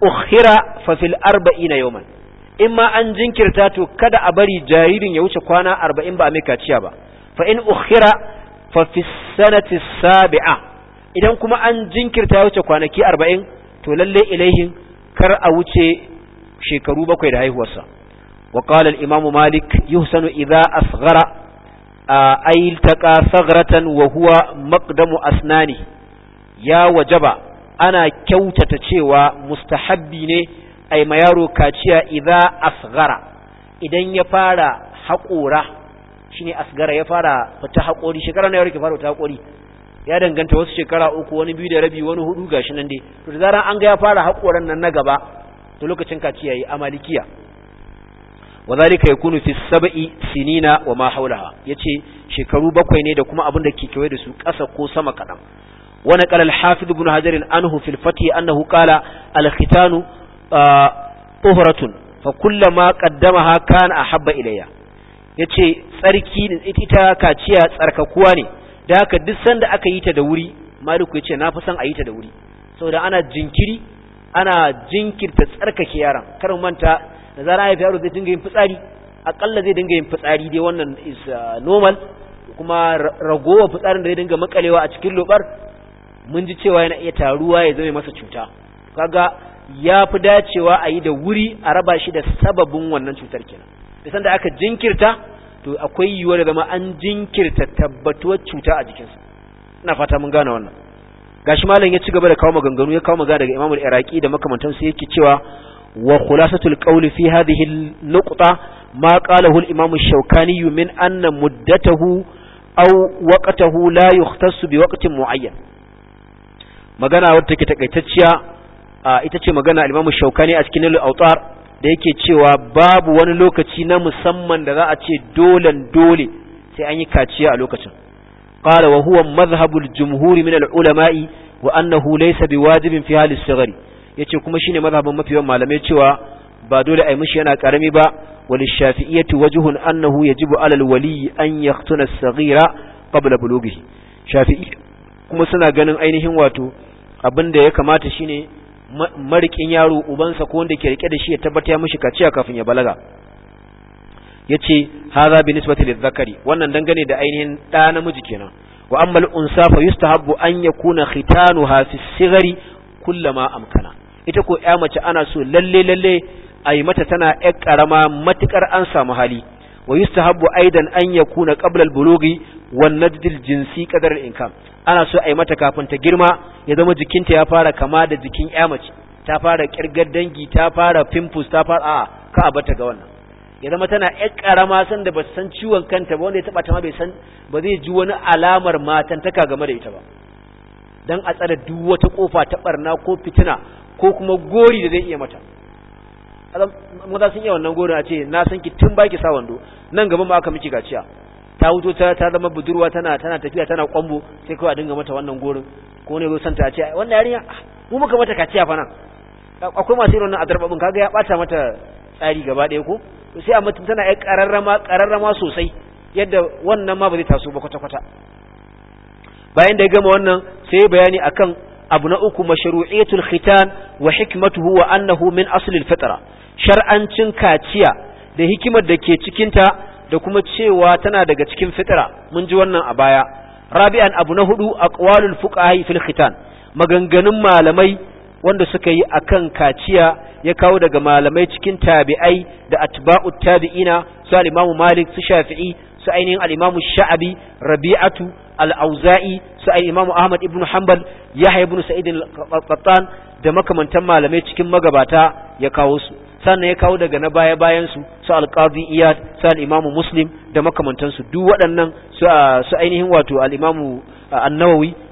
ukhira fa fil arba'ina yawman in ma an jinkirta to kada a bari jaririn ya wuce kwana 40 ba a mai kaciya ba fa in ukhira fa fi sanati sabi'a idan kuma an jinkirta ya wuce kwanaki 40 to lalle ilaihin kar a wuce shekaru bakwai da haihuwarsa wa qala al imamu malik yuhsanu idha asghara ai taqa sagratan wa huwa maqdamu asnani ya wajaba ana kyautata cewa mustahabbi ne ai ma yaro kaciya idza asghara idan ya fara haƙora shine asgara ya fara fita haƙori shekara na yaro ke fara fita haƙori ya danganta wasu shekara uku wani biyu da rabi wani hudu gashi nan dai to da zaran an ga ya fara haƙoran nan na gaba to lokacin kaciya yi amalikiya wa zalika yakunu fi sab'i sinina wa ma haulaha yace shekaru bakwai ne da kuma abin da ke kewaye da su ƙasa ko sama kadan wa naqala al-hafiz ibn hajar anhu fil fati annahu qala al-khitanu ah, tuhratun fa kullama qaddamaha kana ahabba ilayya yace tsarki ita kaciya tsarkakuwa ne da haka duk sanda aka yi ta da wuri maliku yace na fi san a yi ta da wuri saboda ana jinkiri ana jinkirta tsarkake yaran karin manta da zara haifi yaro zai dinga yin fitsari akalla zai dinga yin fitsari dai wannan is uh, normal kuma ragowa fitsarin da zai dinga makalewa a cikin lobar mun ji cewa yana iya taruwa ya zama masa cuta kaga ya fi dacewa a yi da wuri a raba shi da sababin wannan cutar kenan da da aka jinkirta to akwai yiwuwar da zama an jinkirta tabbatuwar cuta a jikinsa ina fata mun gane wannan gashi malam ya ci gaba da kawo maganganu ya kawo magana daga imamul iraki da makamantansu yake cewa وخلاصة القول في هذه النقطة ما قاله الإمام الشوكاني من أن مدته أو وقته لا يختص بوقت معين magana wadda take takaitacciya ita ce magana al-Imam Shawkani a cikin al-Awtar da yake cewa babu wani lokaci na musamman da za a ce dolan dole sai an yi kaciya a lokacin ƙala wa huwa madhhabul jumhur min al-ulama'i wa annahu laysa biwajibin fi halis saghari ya ce kuma shine mazhabin mafiyan malamai cewa ba dole ai mishi yana karami ba wal shafi'iyyatu wajhun annahu yajibu alal wali an yaqtuna as-saghira qabla bulughihi shafi'i kuma suna ganin ainihin wato abinda ya kamata shine marikin yaro ubansa ko wanda ke rike da shi ya tabbata ya mishi kaciya kafin ya balaga yace hadha bi nisbati zakari wannan dangane da ainihin da namiji kenan wa amma al-unsa fa yustahabbu an yakuna khitanuha fi sigari kullama amkana ita ko ya mace ana so lalle lalle a yi mata tana yar karama matukar an samu hali wa yustahabbu aidan an yakuna qabla al-bulughi wan najdil jinsi qadar al-inkam ana so a yi mata kafin ta girma ya zama jikinta ya fara kama da jikin ƴa mace ta fara kirgar dangi ta fara pimples ta fara a ka bata ga wannan ya zama tana ƴar ƙarama san da ba san ciwon kanta ba wanda ya taɓa ta ma bai san ba zai ji wani alamar matan taka game da ita ba dan a tsare duk wata kofa ta barna ko fitina ko kuma gori da zai iya mata maza sun iya wannan gori a ce na san ki tun baki sa wando nan gaban ma aka miki gaciya ta wuto ta ta zama budurwa tana tana tafiya tana kwambo sai kawai a dinga mata wannan gorin ko ne zo santa a ce wannan yarinya ah, mu muka mata kaciya fa nan akwai masu irin wannan darbabin kaga ya bata mata tsari gaba ɗaya ko sai a mutum tana yi kararrama kararrama sosai yadda wannan ma ba zai taso ba kwata kwata bayan da ya gama wannan sai bayani akan abu na uku mashru'iyatul khitan wa hikmatuhu wa annahu min aslil fitra shar'ancin kaciya da hikimar da ke cikin ta da kuma cewa tana daga cikin fitra mun ji wannan a baya rabi'an abu na hudu aqwalul fuqaha fil khitan maganganun malamai wanda suka yi akan kaciya ya kawo daga malamai cikin tabi'ai da atba'ut tabi'ina su al-imamu malik su shafi'i su ainihin al-imamu sha'abi rabi'atu Al'auza'i auzai su ahmad ibn hanbal yahya ibn sa'id al da makamantan malamai cikin magabata ya kawo su sannan ya kawo daga na baya bayan su su al-qadi iyad su muslim da makamantan su duk waɗannan su ainihin wato al-imam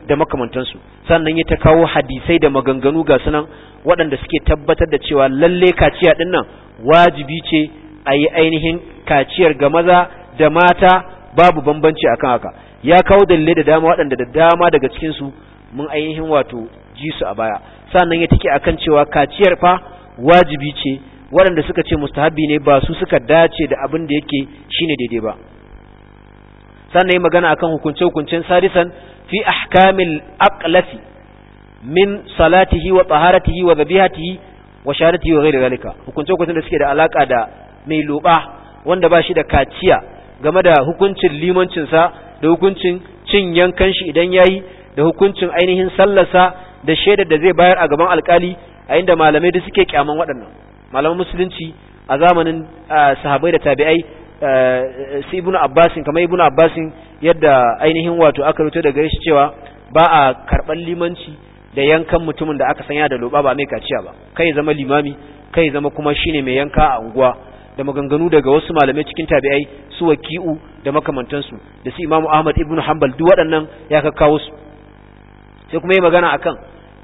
da makamantan su sannan ya ta kawo hadisai da maganganu ga sunan waɗanda suke tabbatar da cewa lalle kaciya din nan wajibi ce a yi ainihin kaciyar ga maza da mata babu bambanci akan haka ya kawo dalilai da dama waɗanda da dama daga cikin su mun ainihin wato ji su a baya sannan ya tike akan cewa kaciyar fa wajibi ce waɗanda suka ce mustahabi ne ba su suka dace da abin da yake shine daidai ba sannan ya magana akan hukunce hukuncen sadisan fi ahkamil aqlafi min salatihi wa taharatihi wa dhabihatihi wa sharatihi wa ghairi zalika hukunce hukuncen da suke da alaka da mai loba wanda ba shi da kaciya game da hukuncin limancinsa da hukuncin cin yankan shi idan yayi da hukuncin ainihin sallasa da shaidar da zai bayar a gaban alkali a inda malamai da suke kyaman waɗannan malaman musulunci a zamanin sahabai da tabi'ai su ibnu abbasin kamar ibnu abbasin yadda ainihin wato aka rute daga shi cewa ba a karɓar limanci da yankan mutumin da aka sanya da loba ba mai kaciya ba kai zama limami kai zama kuma shine mai yanka a unguwa da maganganu daga wasu malamai cikin tabi'ai su waki'u da makamantansu da su imamu ahmad ibn hanbal duk waɗannan ya kakkawo su sai kuma yi magana akan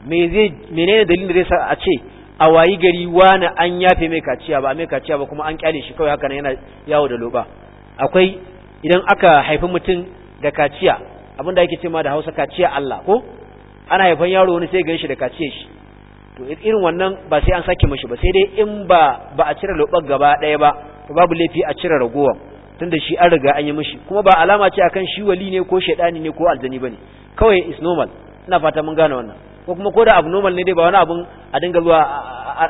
me zai menene dalilin da zai sa a ce a wayi gari wani an yafe mai kaciya ba mai kaciya ba kuma an kyale shi kawai haka yana yawo da loba akwai idan aka haifi mutum da kaciya abinda ake ce ma da hausa kaciya Allah ko ana haifan yaro wani sai gan da kaciya shi to irin wannan ba sai an sake mashi ba sai dai in ba ba a cire lobar gaba ɗaya ba to babu laifi a cire ragowar tunda shi an riga an yi mashi kuma ba alama ce akan shi wali ne ko shaidani ne ko aljani bane kawai is normal ina fata mun gane wannan ko kuma ko da abnormal ne dai ba wani abun a dinga zuwa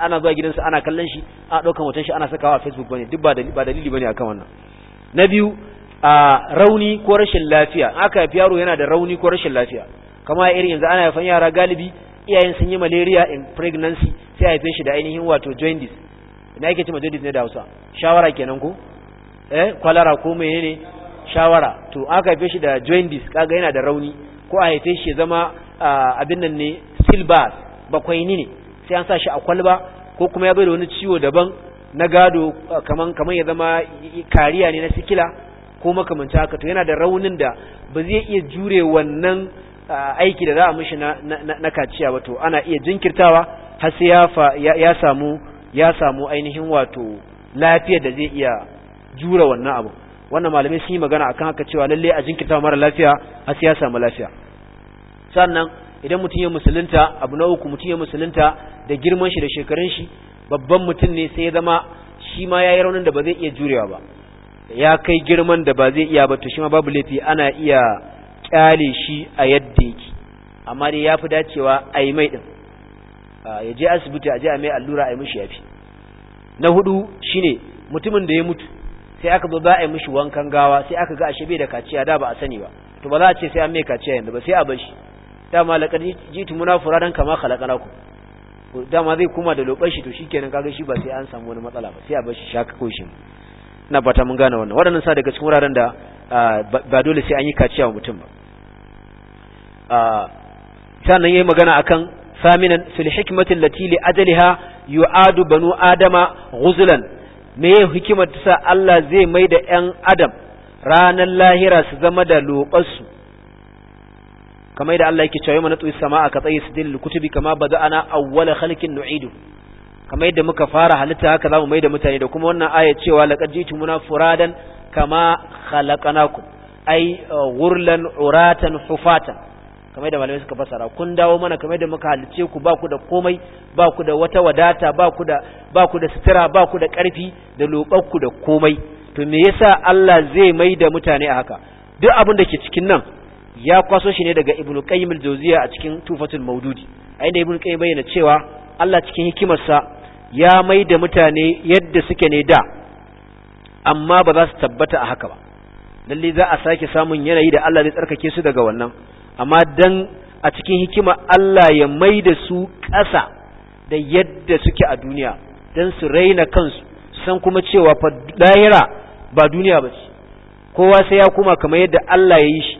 ana zuwa gidansa ana kallon shi a ɗaukan hoton shi ana sakawa a facebook bane duk ba dalili bane akan wannan na biyu a rauni ko rashin lafiya aka haifi yaro yana da rauni ko rashin lafiya kama irin yanzu ana haifan yara galibi iyayen sun yi malaria in pregnancy sai haife shi da ainihin wato jaundice ina yake cewa jaundice ne da Hausa shawara kenan ko eh kwalara ko menene shawara to aka haife shi da jaundice kaga yana da rauni ko a haife shi zama abin nan ne silbas bakwai ne sai an sa shi a kwalba ko kuma ya bai da wani ciwo daban na gado kaman kaman ya zama kariya ne na sikila ko makamanta haka to yana da raunin da ba zai iya jure wannan aiki da za a mishi na kaciya wato ana iya jinkirtawa har sai ya samu ya samu ainihin wato lafiyar da zai iya jura wannan abu wannan malamai sun yi magana akan haka cewa lalle a jinkirtawa mara lafiya har sai ya samu lafiya sannan idan mutum ya musulunta abu na uku mutum ya musulunta da girman shi da shekarun shi babban mutum ne sai ya zama shi ma ya yi raunin da ba zai iya jurewa ba ya kai girman da ba zai iya ba to shi ma babu laifi ana iya kyale shi a yadda yake amma dai ya fi dacewa a yi mai ɗin ya je asibiti a je a mai allura a yi mishi yafi na hudu shi ne mutumin da ya mutu sai aka zo za a yi mushi wankan gawa sai aka ga ashe bai da kaciya da ba a sani ba to ba za a ce sai an mai kaciya yanzu ba sai a bar shi dama laƙar jitu muna furadan kama halakana ku dama zai kuma da lokar shi to shikenan kaga shi ba sai an samu wani matsala ba sai a bar shi shaka koshin shi na bata mun gane wannan waɗannan sa daga cikin wuraren da Ah, ba dole sai an yi kaciya wa mutum ba ah, sannan yayi magana akan saminan fil hikmati allati li ajaliha yu'adu banu adama ghuzlan me hikimar ta sa Allah zai mai da yan adam ranar lahira su zama da loƙarsu kamar da Allah yake cewa mana tsuyi sama'a ka tsaye su dil kutubi kama bada ana awwala khalqin nu'idu kamar yadda muka fara halitta haka zamu mai da mutane da kuma wannan aya cewa laqad jitumuna furadan kama khalaqnakum ai wurlan uh, uratan hufatan kamar da malamai suka fasara kun dawo mana kamar da muka halice ku ba ku da komai ba ku da wata wadata ba ku da ba ku da sutura ba ku da karfi da lobar da komai to me yasa Allah zai mai da mutane a haka duk abin da ke cikin nan ya kwaso shi ne daga ibnu qayyim al-jawziya a cikin tufatul maududi a inda ibnu qayyim bayyana cewa Allah cikin hikimarsa ya mai da mutane yadda suke ne da amma ba za su tabbata a haka ba lalle za a sake samun yanayi da Allah zai tsarkake su daga wannan amma dan a cikin hikima Allah ya mai da su ƙasa da yadda suke a duniya dan su raina kansu san kuma cewa fa ba duniya ba ce kowa sai ya kuma kamar yadda Allah ya yi shi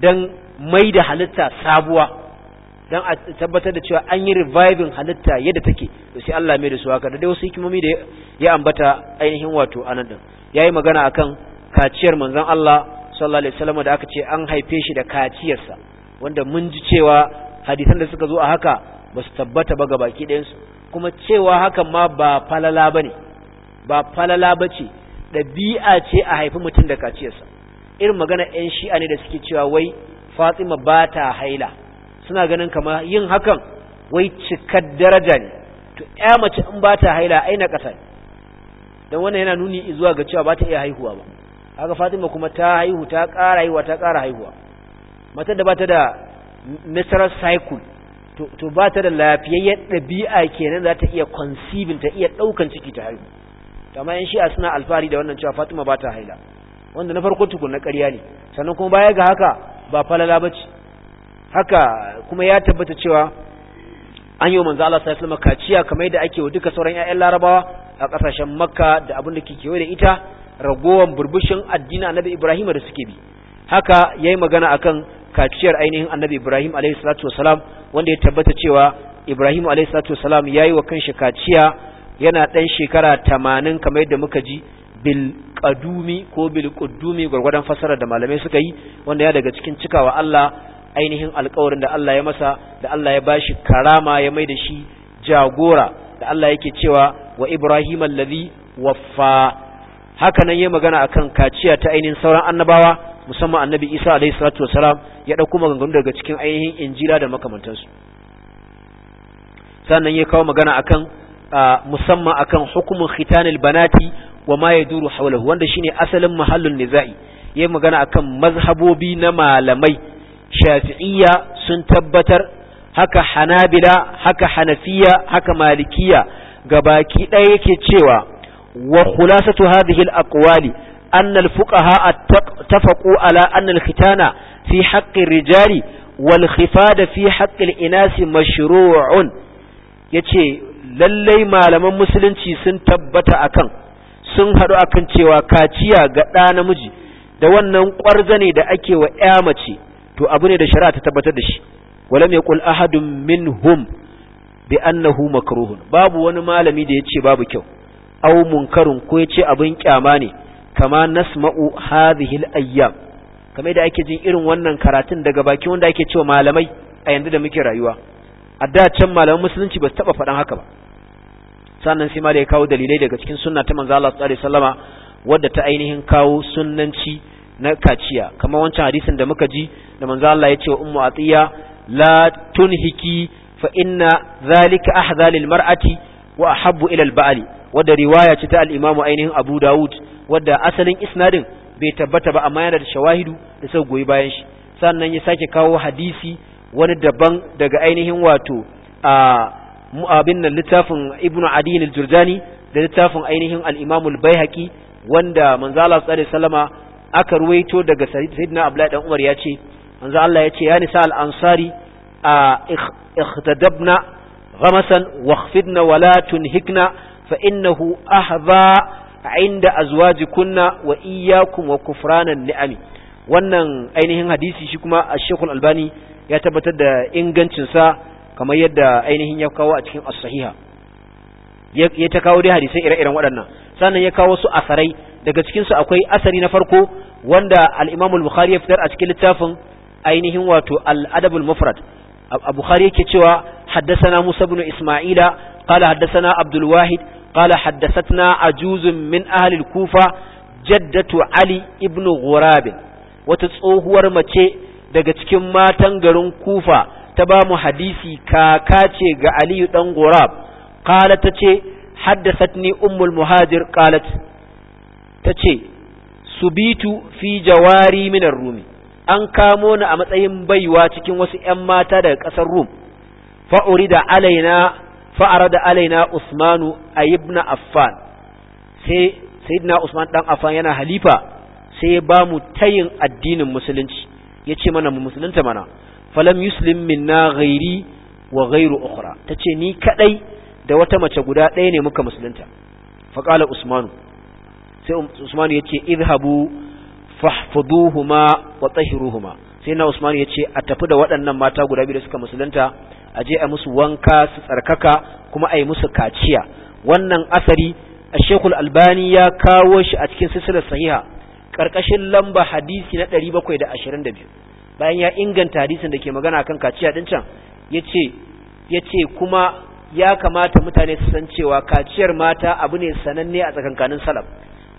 dan mai da halitta sabuwa dan a tabbatar da cewa an yi reviving halitta yadda take to sai Allah mai da su haka da dai wasu hikimomi da ya ambata ainihin wato anan din Ya yi magana a kan kaciyar manzon Allah sallallahu alaihi wasallam da aka ce an haife shi da kaciyarsa wanda mun ji cewa hadisan da suka zo a haka ba su tabbata ba ga baki ɗayansu kuma cewa haka ma ba falala ba ne ba falala ba bace dabi'a ce a haifi mutum da kaciyarsa irin magana ƴan shi'a ne da suke cewa wai Fatima ba ta haila suna ganin kamar yin hakan wai cikar daraja ne to ƴa mace in ba ta haila na ƙasa don wannan yana nuni zuwa ga cewa ba ta iya haihuwa ba haka fatima kuma ta haihu ta ƙara haihuwa ta ƙara haihuwa matar da ba ta da natural cycle to ba ta da lafiyayyen ɗabi'a kenan za ta iya conceiving ta iya ɗaukan ciki ta haihu amma shi shi'a suna alfahari da wannan cewa fatima ba ta haila wanda na farko tukun na ƙarya ne sannan kuma baya ga haka ba falala ba ce haka kuma ya tabbata cewa an yi wa manzo Allah sallallahu alaihi wasallam kaciya kamar da ake wa duka sauran ƴaƴan larabawa a ƙasashen makka da abin da ke kewaye da ita ragowan burbushin addini annabi ibrahim da suke bi haka ya yi magana akan kaciyar ainihin annabi ibrahim alayhi salatu wasalam wanda ya tabbata cewa ibrahim alayhi salatu wasalam yayi wa kanshi kaciya yana ɗan shekara tamanin kamar yadda muka ji bil qadumi ko bil qudumi gurgurdan fasara da malamai suka yi wanda ya daga cikin cikawa Allah ainihin alƙawarin da Allah ya masa da Allah ya ba shi karama ya mai da shi jagora da Allah yake cewa wa ibrahim allazi waffa haka nan yayi magana akan kaciya ta ainihin sauran annabawa musamman annabi isa alaihi salatu wasalam ya dauko maganganu daga cikin ainihin injila da makamantansu sannan ya kawo magana akan musamman akan hukumin khitanil banati wa ma yaduru hawlahu wanda shine asalin mahallun nizai yayi magana akan mazhabobi na malamai shafi'iyya sun tabbatar haka hanabila haka hanafiya haka malikiya Ga baki ɗaya yake cewa wa khulasatu hadhihi al-aqwali anna al-fuqaha attafaqu ala anna al-khitana fi haqqi rijali wal khifada fi haqqi al-inasi mashru'un yace lallai malaman musulunci sun tabbata akan sun haɗu akan cewa kaciya ga ɗa namiji da wannan ƙwarza ne da ake wa ƴa mace to abu ne da shari'a ta tabbatar da shi walam yaqul ahadun hum. bi annahu makruhun babu wani malami da ya ce babu kyau aw munkarun ko yace abin kyama ne kama nasma'u hadhihi al-ayyam kamar da ake jin irin wannan karatun daga baki wanda ake cewa malamai a yanzu da muke rayuwa a da can malaman musulunci ba su taba faɗan haka ba sannan sai ya kawo dalilai daga cikin sunna ta manzo Allah sallallahu alaihi wadda ta ainihin kawo sunnanci na kaciya kamar wancan hadisin da muka ji da manzo Allah ya ce wa ummu atiya la tunhiki fa inna zalika ahdha lil mar'ati wa ahabbu ila al ba'li wadda riwaya ce ta al'imamu ainihin Abu Dawud wadda asalin isnadin bai tabbata ba amma yana da shawahidu da sau goyi bayan shi sannan ya sake kawo hadisi wani daban daga ainihin wato a abin nan littafin Ibn Adi al da littafin ainihin al-Imam al-Baihaqi wanda manzo Allah sallallahu aka ruwaito daga Sayyidina Abdullahi dan Umar ya ce manzo Allah ya ce ya nisa al-ansari a اختدبنا غمسا واخفضنا ولا تنهكنا فإنه أهضى عند أزواجكن وإياكم وكفران النعم wannan ainihin hadisi shi kuma a shekul albani ya tabbatar da ingancinsa kamar yadda ainihin ya kawo a cikin asahiha. ya ta kawo dai hadisai ire-iren waɗannan sannan ya kawo su asarai daga cikinsu akwai asari na farko wanda al-imam bukhari ya fitar a cikin littafin ainihin wato al'adabul mufrad A khari yake cewa haddasana musa ibn isma'ila qala haddasana abdul wahid qala haddathana ajuzun min ahli al-kufa jaddatu ali ibn ghurab wata tsohuwar mace daga cikin matan garin kufa ta ba mu hadisi kaka ce ga aliyu dan ghurab qala tace haddathatni ummul muhajir qalat tace subitu fi jawari min rumi an kamo ni a matsayin baiwa cikin wasu ‘yan mata daga ƙasar Rum, fa'uri da alaina, fa'ara da alaina Usmanu a ibna Affan, sai Sayyidina Usman ɗan Affan yana halifa sai ya ba mu tayin addinin musulunci, ya ce mana mu musulunta mana, falam yuslim minna ghairi wa gairu ukhra ta ce ni kaɗai da wata mace guda ɗaya ne muka musulunta. Faƙala Usmanu, sai Usmanu ya ce, Idhabu Fahfuduhuma wa tahiruhuma sai na Usman ya ce a tafi da waɗannan mata guda biyu da suka musulunta a je a musu wanka su tsarkaka kuma a yi musu kaciya wannan asari a shekul albani ya kawo shi a cikin silsilar sahiha ƙarƙashin lamba hadisi na ɗari da 722 bayan ya inganta hadisin da ke magana kan kaciya ɗin can ya ce kuma ya kamata mutane su san cewa kaciyar mata abu ne sananne a tsakankanin Salam.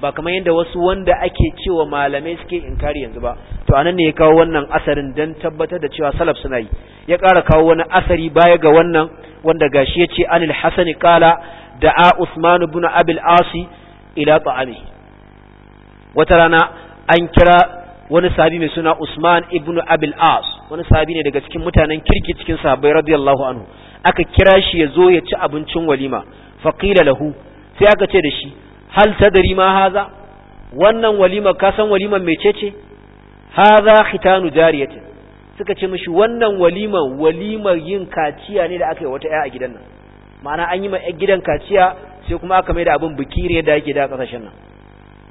ba kamar yadda wasu wanda ake cewa malamai suke inkari yanzu ba to anan ne ya kawo wannan asarin dan tabbatar da cewa salaf suna yi ya kara kawo wani asari baya ga wannan wanda gashi ya ce anil hasani kala da a usman ibn abil asi ila ta'ami wata rana an kira wani sahabi mai suna usman ibn abil as wani sahabi ne daga cikin mutanen kirki cikin sahabbai radiyallahu anhu aka kira shi ya zo ya ci abincin walima faqila lahu sai aka ce da shi hal tadri ma haza wannan walima ka san waliman mecece haza khitanu jariyatin suka ce mishi wannan walimar walimar yin kaciya ne da aka yi wata ƴa a gidan nan ma'ana an yi ma ƴa gidan kaciya sai kuma aka mai da abin bikiri da yake da kasashen nan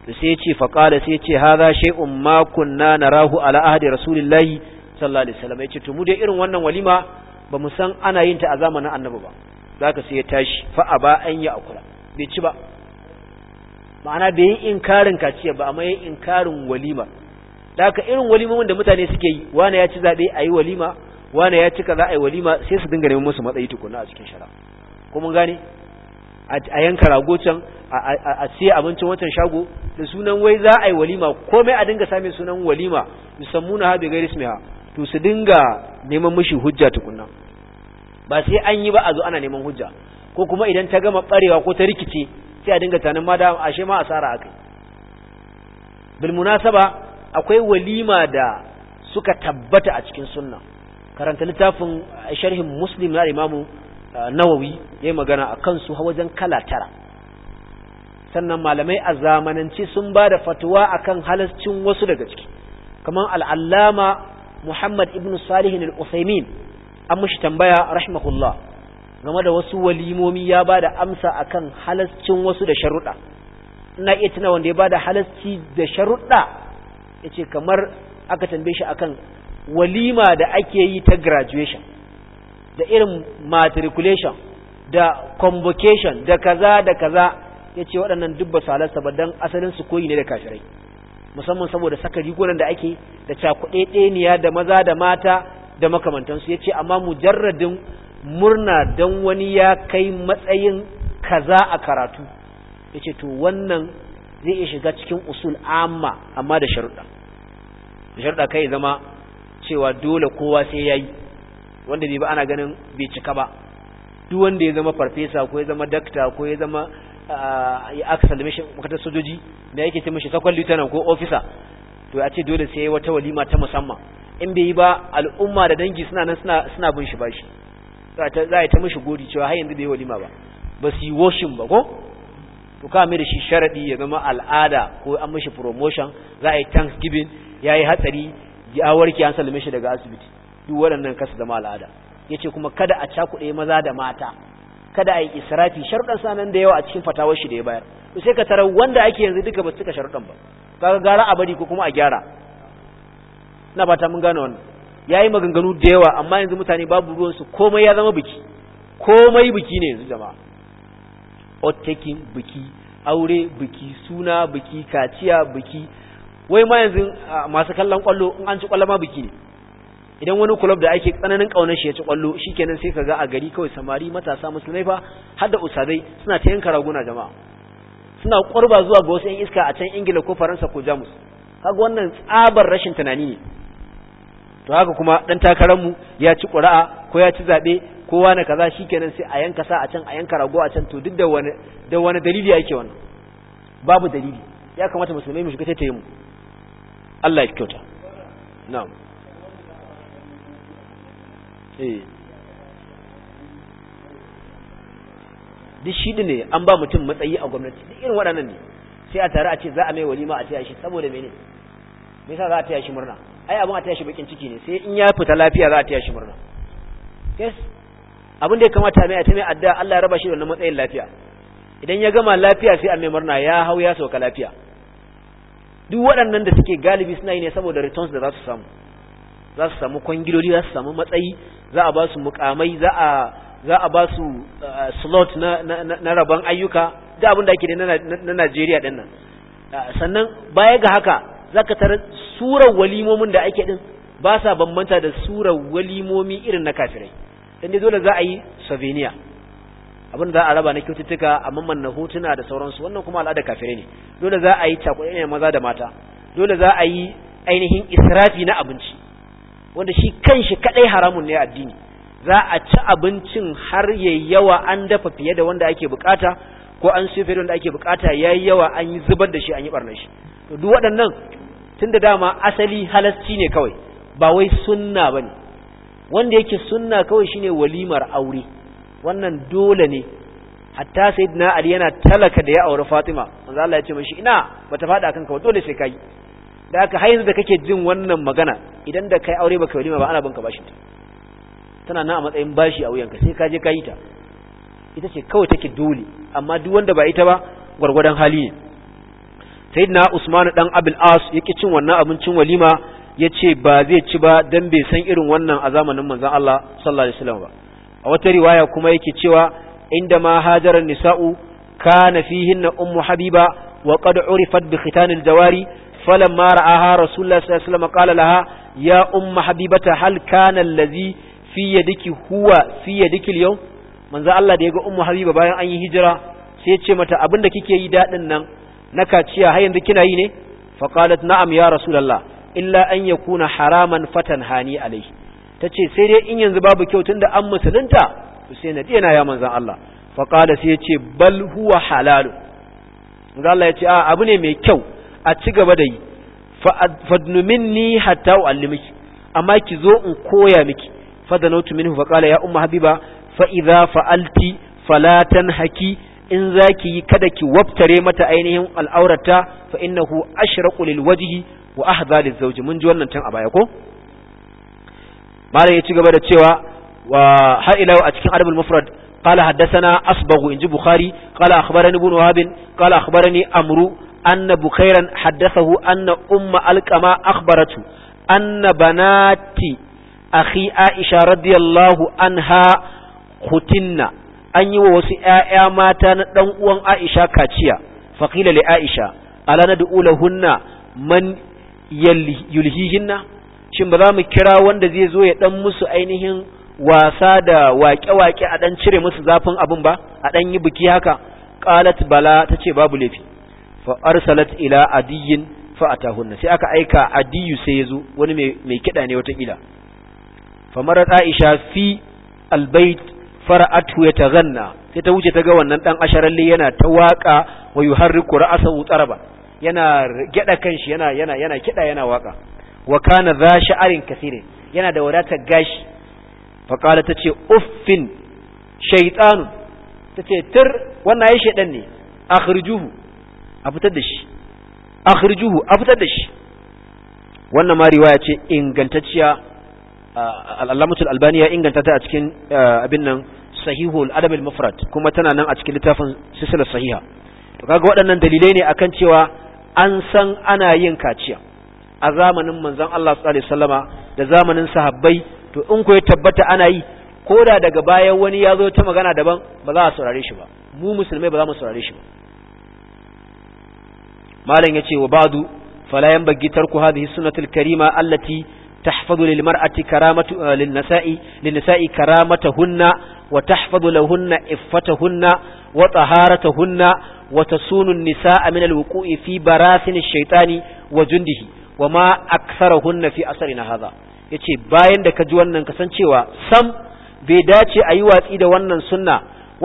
to sai ce faqala sai ce haza shay'un ma kunna narahu ala ahdi rasulillahi sallallahu alaihi wasallam yace to mu dai irin wannan walima ba mu san ana yin ta a zamanin annabi ba zaka sai ya tashi fa aba an yi akula bai ci ba ma'ana bai yi inkarin kaciya ba amma yi inkarin walima da aka irin walimomin da mutane suke yi wane ya ci zaɓe a yi walima wane ya ci za a yi walima sai su dinga neman musu matsayi tukuna a cikin shara ko mun gane a yanka rago can a siya abincin watan shago da sunan wai za a yi walima komai a dinga samun sunan walima musammuna ha bai gairi ha to su dinga neman mushi hujja tukuna ba sai an yi ba a zo ana neman hujja ko kuma idan ta gama barewa ko ta rikice sai a dinga tanin ma da ashe ma asara akai bil munasaba akwai walima da suka tabbata a cikin sunna karanta littafin eh, sharhin muslim na imamu eh, nawawi yi magana akan su wajen kala tara sannan malamai a zamanance sun ba da fatuwa akan halascin wasu daga ciki kamar al'allama muhammad ibn salihin al'usaimin an shi tambaya rahimahullah game da wasu walimomi ya ba da amsa akan halascin wasu da sharuɗa ina iya tuna wanda ya ba da halasci da sharuɗa ya ce kamar aka tambaye shi akan walima da ake yi ta graduation da irin matriculation da convocation da kaza da kaza ya ce waɗannan duk su halasta ba don asalin su koyi ne da kafirai musamman saboda saka rigunan da ake da cakuɗe ɗeniya da maza da mata da makamantansu ya ce amma mujarradin murna don wani ya kai matsayin kaza a karatu ya ce to wannan zai iya shiga cikin usul amma amma da sharuɗa da sharuɗa kai zama cewa dole kowa sai ya yi wanda bai ba ana ganin bai cika ba duk wanda ya zama farfesa ko ya zama dakta ko ya zama ah, ya aka sallame shi makatar sojoji da yake ce mashi sakon lieutenant ko ofisa, to ya ce dole sai ya yi wata walima ta musamman in bai yi ba al'umma da dangi suna nan suna bin shi bashi za a ta mashi gori cewa har yanzu bai walima ba ba su yi washin ba ko to ka da shi sharaɗi ya zama al'ada ko an mashi promotion za a yi thanksgiving ya yi hatsari ya warke an salame shi daga asibiti duk waɗannan kasu zama al'ada ya ce kuma kada a cakuɗe maza da mata kada a yi israfi sharuɗan sanan da yawa a cikin fatawar shi da ya bayar to sai ka tara wanda ake yanzu duka ba su cika sharuɗan ba kaga gara a bari ko kuma a gyara na ba ta mun gane wannan ya yi maganganu da yawa amma yanzu mutane babu ruwansu komai ya zama biki komai biki ne yanzu jama'a ottakin biki aure biki suna biki kaciya biki wai ma yanzu masu kallon kwallo in an ci kwallo ma biki ne idan wani kulob da ake tsananin kaunar shi ya ci kwallo shikenan sai kaga a gari kawai samari matasa musulmai fa har da usadai suna ta yanka raguna jama'a suna kurba zuwa ga wasu yan iska a can ingila ko faransa ko jamus kaga wannan tsabar rashin tunani ne to haka kuma dan takararmu ya ci ƙura'a ko ya ci zaɓe kowa na kaza shikenan sai a yanka sa a can a yanka rago a can to duk da wani da wani dalili yake wannan babu dalili ya kamata musulmai mu shiga yi mu Allah ya kyauta na'am eh duk shi ne an ba mutum matsayi a gwamnati duk irin waɗannan ne sai a tare a ce za a mai walima a taya shi saboda menene me yasa za a taya shi murna ai abin a taya shi bakin ciki ne sai in ya fita lafiya za a taya shi murna yes abin da ya kamata mai a ta mai adda Allah ya raba shi da wannan matsayin lafiya idan ya gama lafiya sai a mai murna ya hau ya sauka lafiya duk waɗannan da suke galibi suna yi ne saboda returns da za su samu za su samu kwangiloli za su samu matsayi za a ba su mukamai za a za a ba su uh, slot na na rabon ayyuka da abin da ake da na Najeriya din nan uh, sannan baya ga haka zaka tarar surar walimomin da ake din ba sa bambanta da surar walimomi irin na kafirai dan dai dole za a yi souvenir abin za a raba na kyaututtuka a mamman na hotuna da sauransu wannan kuma al'ada kafirai ne dole za a yi takwaye ne maza da mata dole za a yi ainihin israfi na abinci wanda shi kanshi kadai haramun ne addini za a ci abincin har yayi yawa an dafa fiye da wanda ake bukata ko an siyo fiye da wanda ake bukata yayi yawa an yi zubar da shi an yi barnar shi to duk waɗannan Tun da dama asali halasci ne kawai ba wai sunna bane wanda yake sunna kawai shine walimar aure wannan dole ne hatta na ali yana talaka da ya auri fatima manzo Allah ya ce mishi ina bata fada akan ka dole sai kai da aka haizu da kake jin wannan magana idan da kai aure baka walima ba ana banka bashin ta tana nan a matsayin bashi a wuyanka sai ka je ka yi ta ita ce kawai take dole amma duk wanda ba ita ba gwargwadon hali ne sayyidina usman dan abul as yake cin wannan abincin walima ya ce ba zai ci ba dan bai san irin wannan a zamanin manzon Allah sallallahu alaihi wasallam ba a wata riwaya kuma yake cewa inda ma hajaran nisa'u kana fihinna ummu habiba wa qad urifat bi khitanil jawari فلما رآها رسول الله صلى الله عليه وسلم قال لها يا أم حبيبة هل كان الذي في manzo Allah da yaga ummu habiba bayan an yi hijira sai ya ce mata abin da kike yi dadin nan na kaciya har yanzu kina yi ne fa na'am ya rasulullah illa an yakuna haraman fatan hani alai tace sai dai in yanzu babu kyau tunda an musulunta sai na dena ya manzon Allah fa sai yace bal huwa halal manzon Allah yace a abu ne mai kyau a ci gaba da yi fadnu minni hatta uallimiki amma ki zo in koya miki fadanautu minhu fa qala ya umma habiba fa idza fa'alti fala tanhaki in za ki yi kada ki wabtare mata ainihin al'aurata fa innahu ashraqu lil wajhi wa ahdha lil zawji mun ji wannan tun a baya ko malam ya ci gaba da cewa wa har ila a cikin adabul mufrad qala haddathana asbaghu inji bukhari qala akhbarani ibn wahab qala akhbarani amru anna bukhairan haddathahu anna umma alqama akhbaratu anna banati akhi aisha radiyallahu anha khutinna an yi wa wasu ‘ya'ya mata na ɗan uwan Aisha kaciya, faƙila li Aisha, ala na da'ula hunna man yulhihinna, shin ba za mu kira wanda zai zo ya ɗan musu ainihin wasa da waƙe-waƙe a ɗan cire musu zafin abin ba, a ɗan yi biki haka, ƙalat bala ta ce babu laifi, fa arsalat ila adiyin fa atahunna sai aka aika adiyu sai ya zo wani mai kiɗa ne watakila. fa marat Aisha fi albait fara'atu ya zanna sai ta wuce ta ga wannan dan asharalle yana ta waka wa yuharriku ra'sahu taraba yana geda kanshi yana yana yana kida yana waka wa kana dha sha'arin kaseerin yana da wadatar gashi fa qala tace uffin shaytanu tace tir wannan yayi shedan ne akhrijuhu a fitar da shi akhrijuhu a fitar da shi wannan ma riwaya ce ingantacciya al'alamatul albani ya inganta ta a cikin eh, abin nan sahihul adab al-mufrad kuma tana nan a cikin littafin silsila sahiha to kaga waɗannan dalilai ne akan cewa an san ana yin kaciya a zamanin manzon Allah sallallahu alaihi wasallama da zamanin sahabbai to in ko ya tabbata ana yi koda daga baya wani ya zo ta magana daban ba za a saurare shi ba mu musulmai ba za mu saurare shi ba malam yace wa ba'du fala yanbaghi tarku hadhihi sunnatul karima allati تحفظ للمرأة كرامة للنساء للنساء كرامتهن وتحفظ لهن إفتهن وطهارتهن وتصون النساء من الوقوع في براثن الشيطان وجنده وما أكثرهن في أثرنا هذا yace bayan da ka ji wannan kasancewa sam bai dace a yi watsi da wannan sunna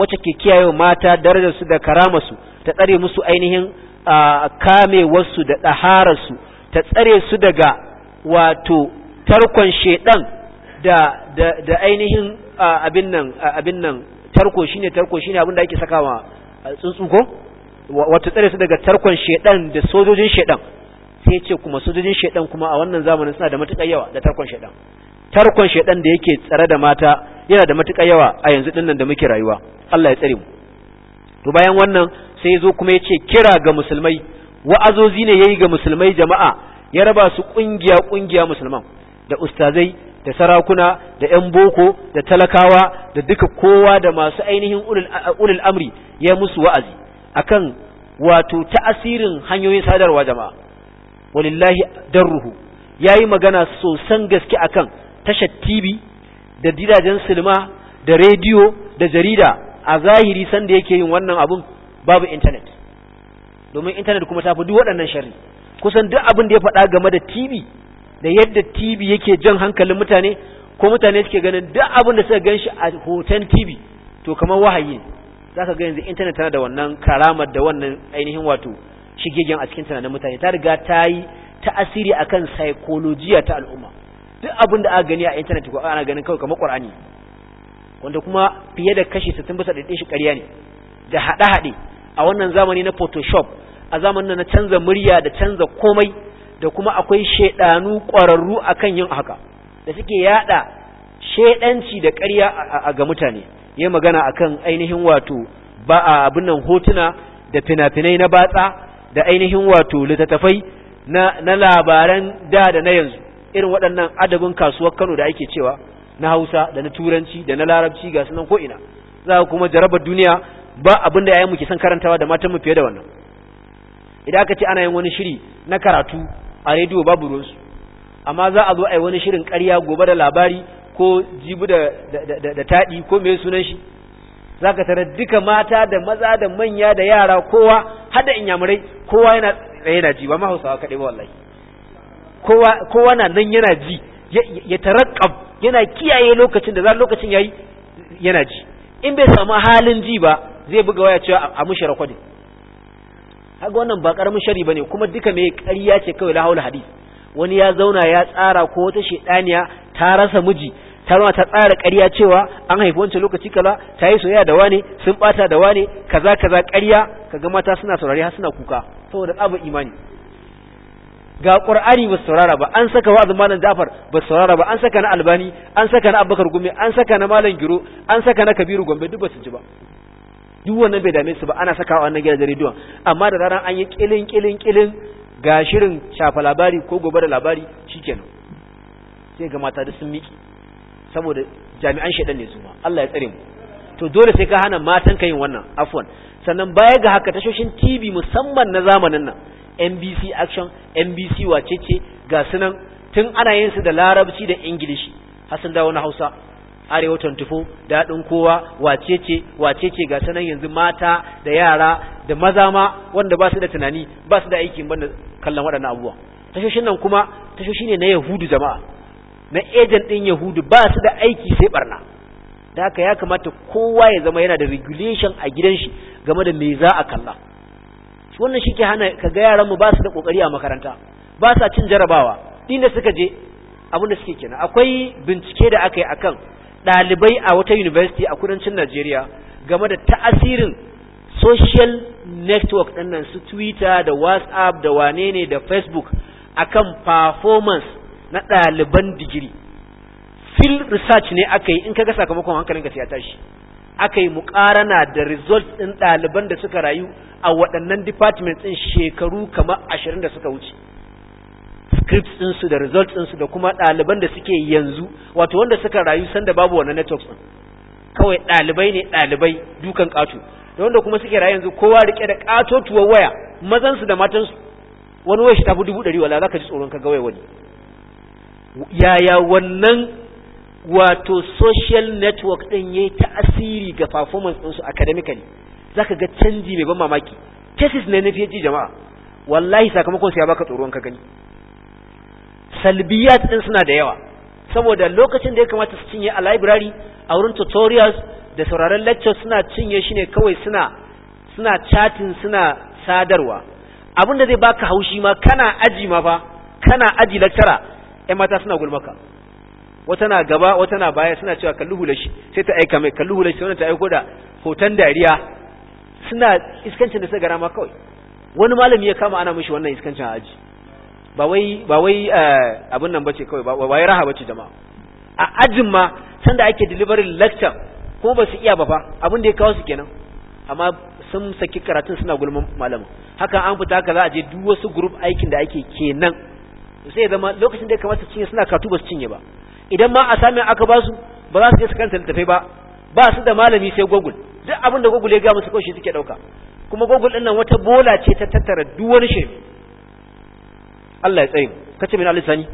wacce ke kiyaye mata darasu da karamarsu ta tsare musu ainihin kamewarsu da su ta tsare su daga wato tarkon shedan da da ainihin abin nan abin nan tarko shine tarko shine abin da ake sakawa tsuntsu ko wato tsare su daga tarkon shedan da sojojin shedan sai ce kuma sojojin shedan kuma a wannan zamanin suna da matukar yawa da tarkon shedan tarkon shedan da yake tsare da mata yana da matukar yawa a yanzu nan da muke rayuwa Allah ya tsare mu to bayan wannan sai zo kuma ya ce kira ga musulmai wa'azozi ne yayi ga musulmai jama'a ya raba su kungiya kungiya musulman da ustazai da sarakuna da 'yan boko da talakawa da duka kowa da masu ainihin ulul amri ya musu wa'azi akan wato ta'asirin hanyoyin sadarwa jama'a walillahi darruhu yayi magana sosan gaske akan tashar TV da gidajen silma da rediyo da jarida a zahiri sanda yake yin wannan abun babu internet domin internet kuma ta fi duk waɗannan sharri kusan duk abin da ya faɗa game da TV da yadda TV yake jan hankalin mutane ko mutane suke ganin duk abin da suka gan shi a hoton TV to kamar wahayi za ka ga yanzu intanet tana da wannan karamar da wannan ainihin wato shigegen a cikin tunanin mutane ta riga ta yi ta'asiri akan psychology ta al'umma duk abin da aka gani a intanet ko ana ganin kawai kamar Qur'ani wanda kuma fiye da kashi 60 bisa ɗaiɗin shi ƙarya ne da haɗe-haɗe a wannan zamani na Photoshop a zamanin na canza murya da canza komai da kuma akwai shaidanu ƙwararru akan yin haka da suke yada shaidanci da ƙarya ga mutane ya magana akan ainihin wato ba a abin nan hotuna da fina-finai na batsa da ainihin wato littattafai na labaran da da na yanzu irin waɗannan adabin kasuwar Kano da ake cewa na Hausa da na Turanci da na Larabci ga sunan koina ina za kuma jarabar duniya ba abin da yi muke son karantawa da matan mu fiye da wannan idan aka ce ana yin wani shiri na karatu a rediyo babu ruwansu amma za a zo a yi wani shirin ƙarya gobe da labari ko jibu da taɗi ko mai sunan shi za ka tarar duka mata da maza da manya da yara kowa hada inyamurai kowa yana tsaye na ji ba ma hausawa kaɗai ba wallahi kowa na nan yana ji ya tarakab yana kiyaye lokacin da za lokacin yayi yana ji in bai samu halin ji ba zai buga waya cewa a mushi rakodin kaga wannan ba karamin shari bane kuma duka mai ƙarya ce kawai la haula hadisi wani ya zauna ya tsara ko wata shedaniya ta rasa miji ta zama ta tsara ƙarya cewa an haifi wancan lokaci kaza ta yi soyayya da wane sun bata da wane kaza kaza ƙarya kaga mata suna saurare har suna kuka saboda tsabar imani ga qur'ani ba saurara ba an saka wa'azin malam Jafar ba saurara ba an saka na Albani an saka na Abubakar Gumi an saka na malam Giro an saka na Kabiru Gombe duk ba su ji ba duk wannan bai dame su ba ana sakawa wannan da rediyon amma da ranar an yi kilin kilin kilin ga shirin shafa labari ko gobe da labari shikenan sai ga mata da sun miki saboda jami'an shaidan ne su ma Allah ya tsare mu to dole sai ka hana matan ka yin wannan afwan sannan baya ga haka tashoshin TV musamman na zamanin nan NBC Action NBC wacece ga sunan tun ana yin su da larabci da ingilishi Hassan dawo na Hausa arewa 24 daɗin kowa wacece wacece ga sanan yanzu mata da yara da maza ma wanda ba su da tunani ba su da aiki banda kallon waɗannan abubuwa tashoshin nan kuma tashoshi ne na yahudu jama'a na ejen ɗin yahudu ba su da aiki sai barna da haka ya kamata kowa ya zama yana da regulation a gidan shi game da me za a kalla wannan shi ke hana kaga yaran mu ba su da ƙoƙari a makaranta ba sa cin jarabawa inda suka je abin da suke kenan akwai bincike da aka yi akan ɗalibai a wata university a kudancin Najeriya game da ta'asirin social network ɗin nan su Twitter da WhatsApp da wanene da Facebook akan performance na ɗaliban digiri. Field research ne aka yi in kaga sakamakon hankalin sai ya tashi. Aka yi muƙarana da result ɗin ɗaliban da suka rayu a waɗannan departments ɗin shekaru kamar ashirin da suka wuce. scripts ɗinsu da results ɗinsu da kuma ɗaliban da suke yanzu wato wanda suka rayu sanda babu wannan networks ɗin kawai ɗalibai ne ɗalibai dukan ƙato da wanda kuma suke rayu yanzu kowa rike da tuwon waya mazansu da matansu wani waya shi tafi dubu ɗari wala za ka ji tsoron ka ga wani yaya wannan wato social network ɗin ya yi ta'asiri ga performance ɗinsu academically za ka ga canji mai ban mamaki cases ne na fiye jama'a wallahi sakamakon su ya baka tsoron ka gani salbiyat din suna da yawa saboda lokacin da ya kamata su cinye a library a wurin tutorials da sauraron lectures suna cinye shi ne kawai suna suna chatting suna sadarwa abin da zai baka haushi ma kana aji ma fa kana aji lecturer ɗan mata suna gulmaka wata na gaba wata na baya suna cewa kalli hulashi shi sai ta aika mai kalli hulashi shi wannan ta aiko da hoton dariya suna iskancin da suka gara ma kawai wani malami ya kama ana mishi wannan iskancin aji ba wai ba wai eh, abin nan bace kawai ba wai raha bace jama'a a ajin ma sanda ake dilibarin lecture ko ba su iya ba fa abin da ya kawo su kenan amma sun saki karatun suna gulman malama haka an fita kaza za a je duk wasu group aikin da ake kenan sai zama lokacin da ya kamata cinye suna katu ba su cinye ba idan ma a sami aka ba su ba za su je su kanta littafai ba ba su da malami sai google duk abin da google ya ga musu kawai shi suke dauka kuma google din nan wata bola ce ta tattara duk wani Allah ya tsaye ce min alisani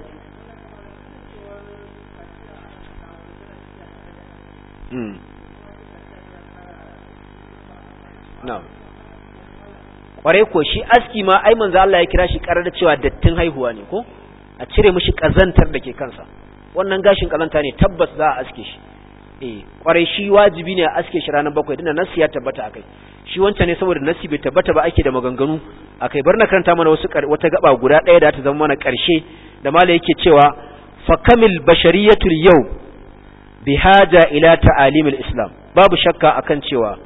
hmm. kware ko shi aski ma ai manzo Allah ya kira shi karar da cewa dattin haihuwa ne ko a cire mishi kazantar da ke kansa wannan gashin kazanta ne tabbas za a aske shi eh kware shi wajibi ne a aske shi ranar bakwai dinda nan ya tabbata akai shi wancan ne saboda nasi bai tabbata ba ake da maganganu akai bar na karanta mana wasu wata gaba guda ɗaya da ta zama mana ƙarshe da mala yake cewa fakamil bashariyatul yau bi haja ila ta'alimil islam babu shakka akan cewa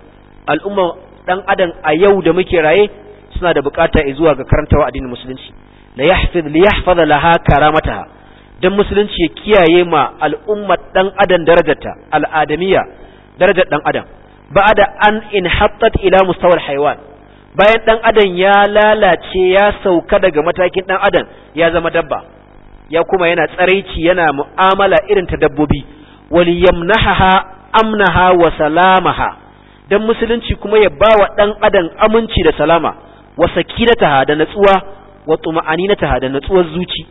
al'umma dan adam a yau da muke raye suna da bukata zuwa ga wa addinin musulunci la yahfiz li yahfaz laha karamataha dan musulunci ya kiyaye ma al'umma dan adam darajarta al'adamiya darajar dan adam da an inhattat ila mustawal haywan bayan ɗan adam ya lalace ya sauka daga matakin ɗan adam ya zama dabba ya kuma yana tsaraici yana mu'amala irin ta dabbobi wal amnaha wa salamaha dan musulunci kuma ya bawa ɗan adam aminci da salama wa saki da natsuwa wa tuma'aninataha da natsuwar zuci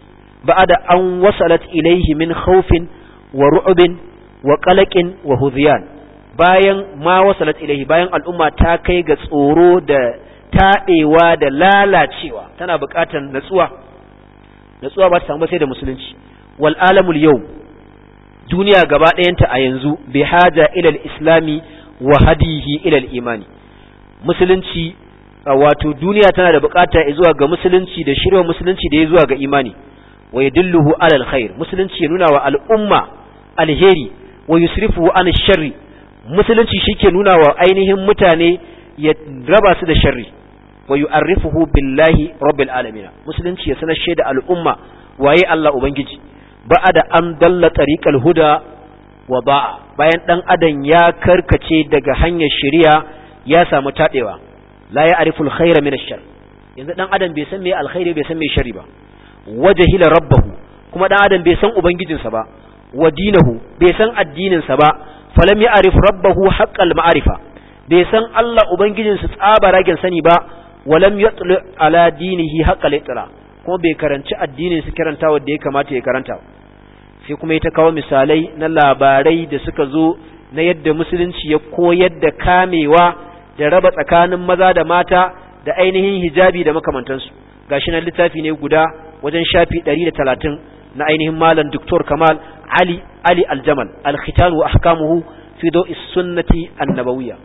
ba'ada an wasalat ilaihi min khawfin wa ru'bin wa qalaqin wa hudhiyan bayan ma wasalat ilahi bayan al'umma ta kai ga tsoro da taɗewa da lalacewa tana buƙatar natsuwa natsuwa ba ta samu sai da musulunci wal alamul yau duniya gaba ɗayanta a yanzu bi haja ilal islami wa hadihi ilal imani musulunci wato duniya tana da bukata zuwa ga musulunci da shirwa musulunci da ya zuwa ga imani wa yadulluhu alal khair musulunci ya nuna wa al'umma alheri wa yusrifu an sharri musulunci shi ke nuna wa ainihin mutane ya raba su da sharri wa yu'arrifuhu billahi rabbil alamin musulunci ya sanar shaida al'umma waye Allah ubangiji da an dalla tariqal huda wa ba'a bayan dan adam ya karkace daga hanyar shari'a ya samu tadewa la ya'riful khayra min ash-shar yanzu dan adam bai san me alkhairi bai san me sharri ba wajahila rabbahu kuma dan adam bai san ubangijinsa ba wa dinahu bai san addininsa ba falam ya arif rabbahu haqqal ma'arifa bai san Allah ubangijin su tsaba ragen sani ba walam yatlu ala dinihi haqqal itla kuma bai karanci addinin su karanta wanda ya kamata ya karanta sai kuma ita kawo misalai na labarai da suka zo na yadda musulunci ya koyar da kamewa da raba tsakanin maza da mata da ainihin hijabi da makamantansu gashi nan littafi ne guda wajen shafi 130 na ainihin malam doktor Kamal ali ali aljamal alkhitan wa ahkamuhu fi dawi sunnati annabawiyya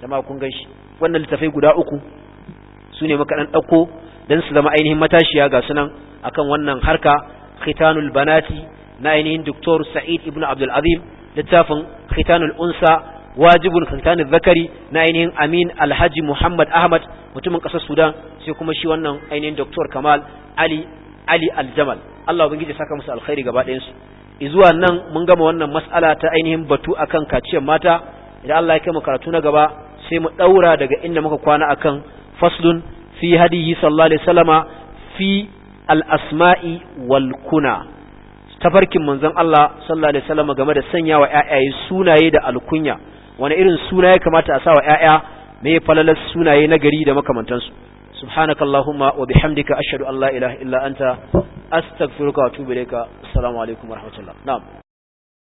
jama'a kun ganshi wannan littafai guda uku su ne muka dan dauko dan su zama ainihin matashiya ga sunan akan wannan harka khitanul banati na ainihin doktor sa'id ibnu abdul azim littafin khitanul unsa wajibul khitanin zakari na ainihin amin alhaji muhammad ahmad mutumin kasar sudan sai kuma shi wannan ainihin doktor kamal ali ali aljamal allah ubangiji saka musu alkhairi gaba ɗayansu zuwa nan mun gama wannan mas'ala ta ainihin batu akan kaciyar mata idan Allah ya kai mu karatu na gaba sai mu daura daga inda muka kwana akan faslun fi hadihi sallallahu alaihi wasallama fi al-asma'i wal kuna tafarkin manzon Allah sallallahu alaihi wasallama game da sanya wa ƴaƴaye sunaye da alkunya wani irin sunaye kamata a sa wa ƴaƴa me falalar sunaye na gari da makamantansu subhanaka allahumma wa bihamdika ashhadu an la ilaha illa anta astaghfiruka wa atubu ilayka assalamu wa rahmatullah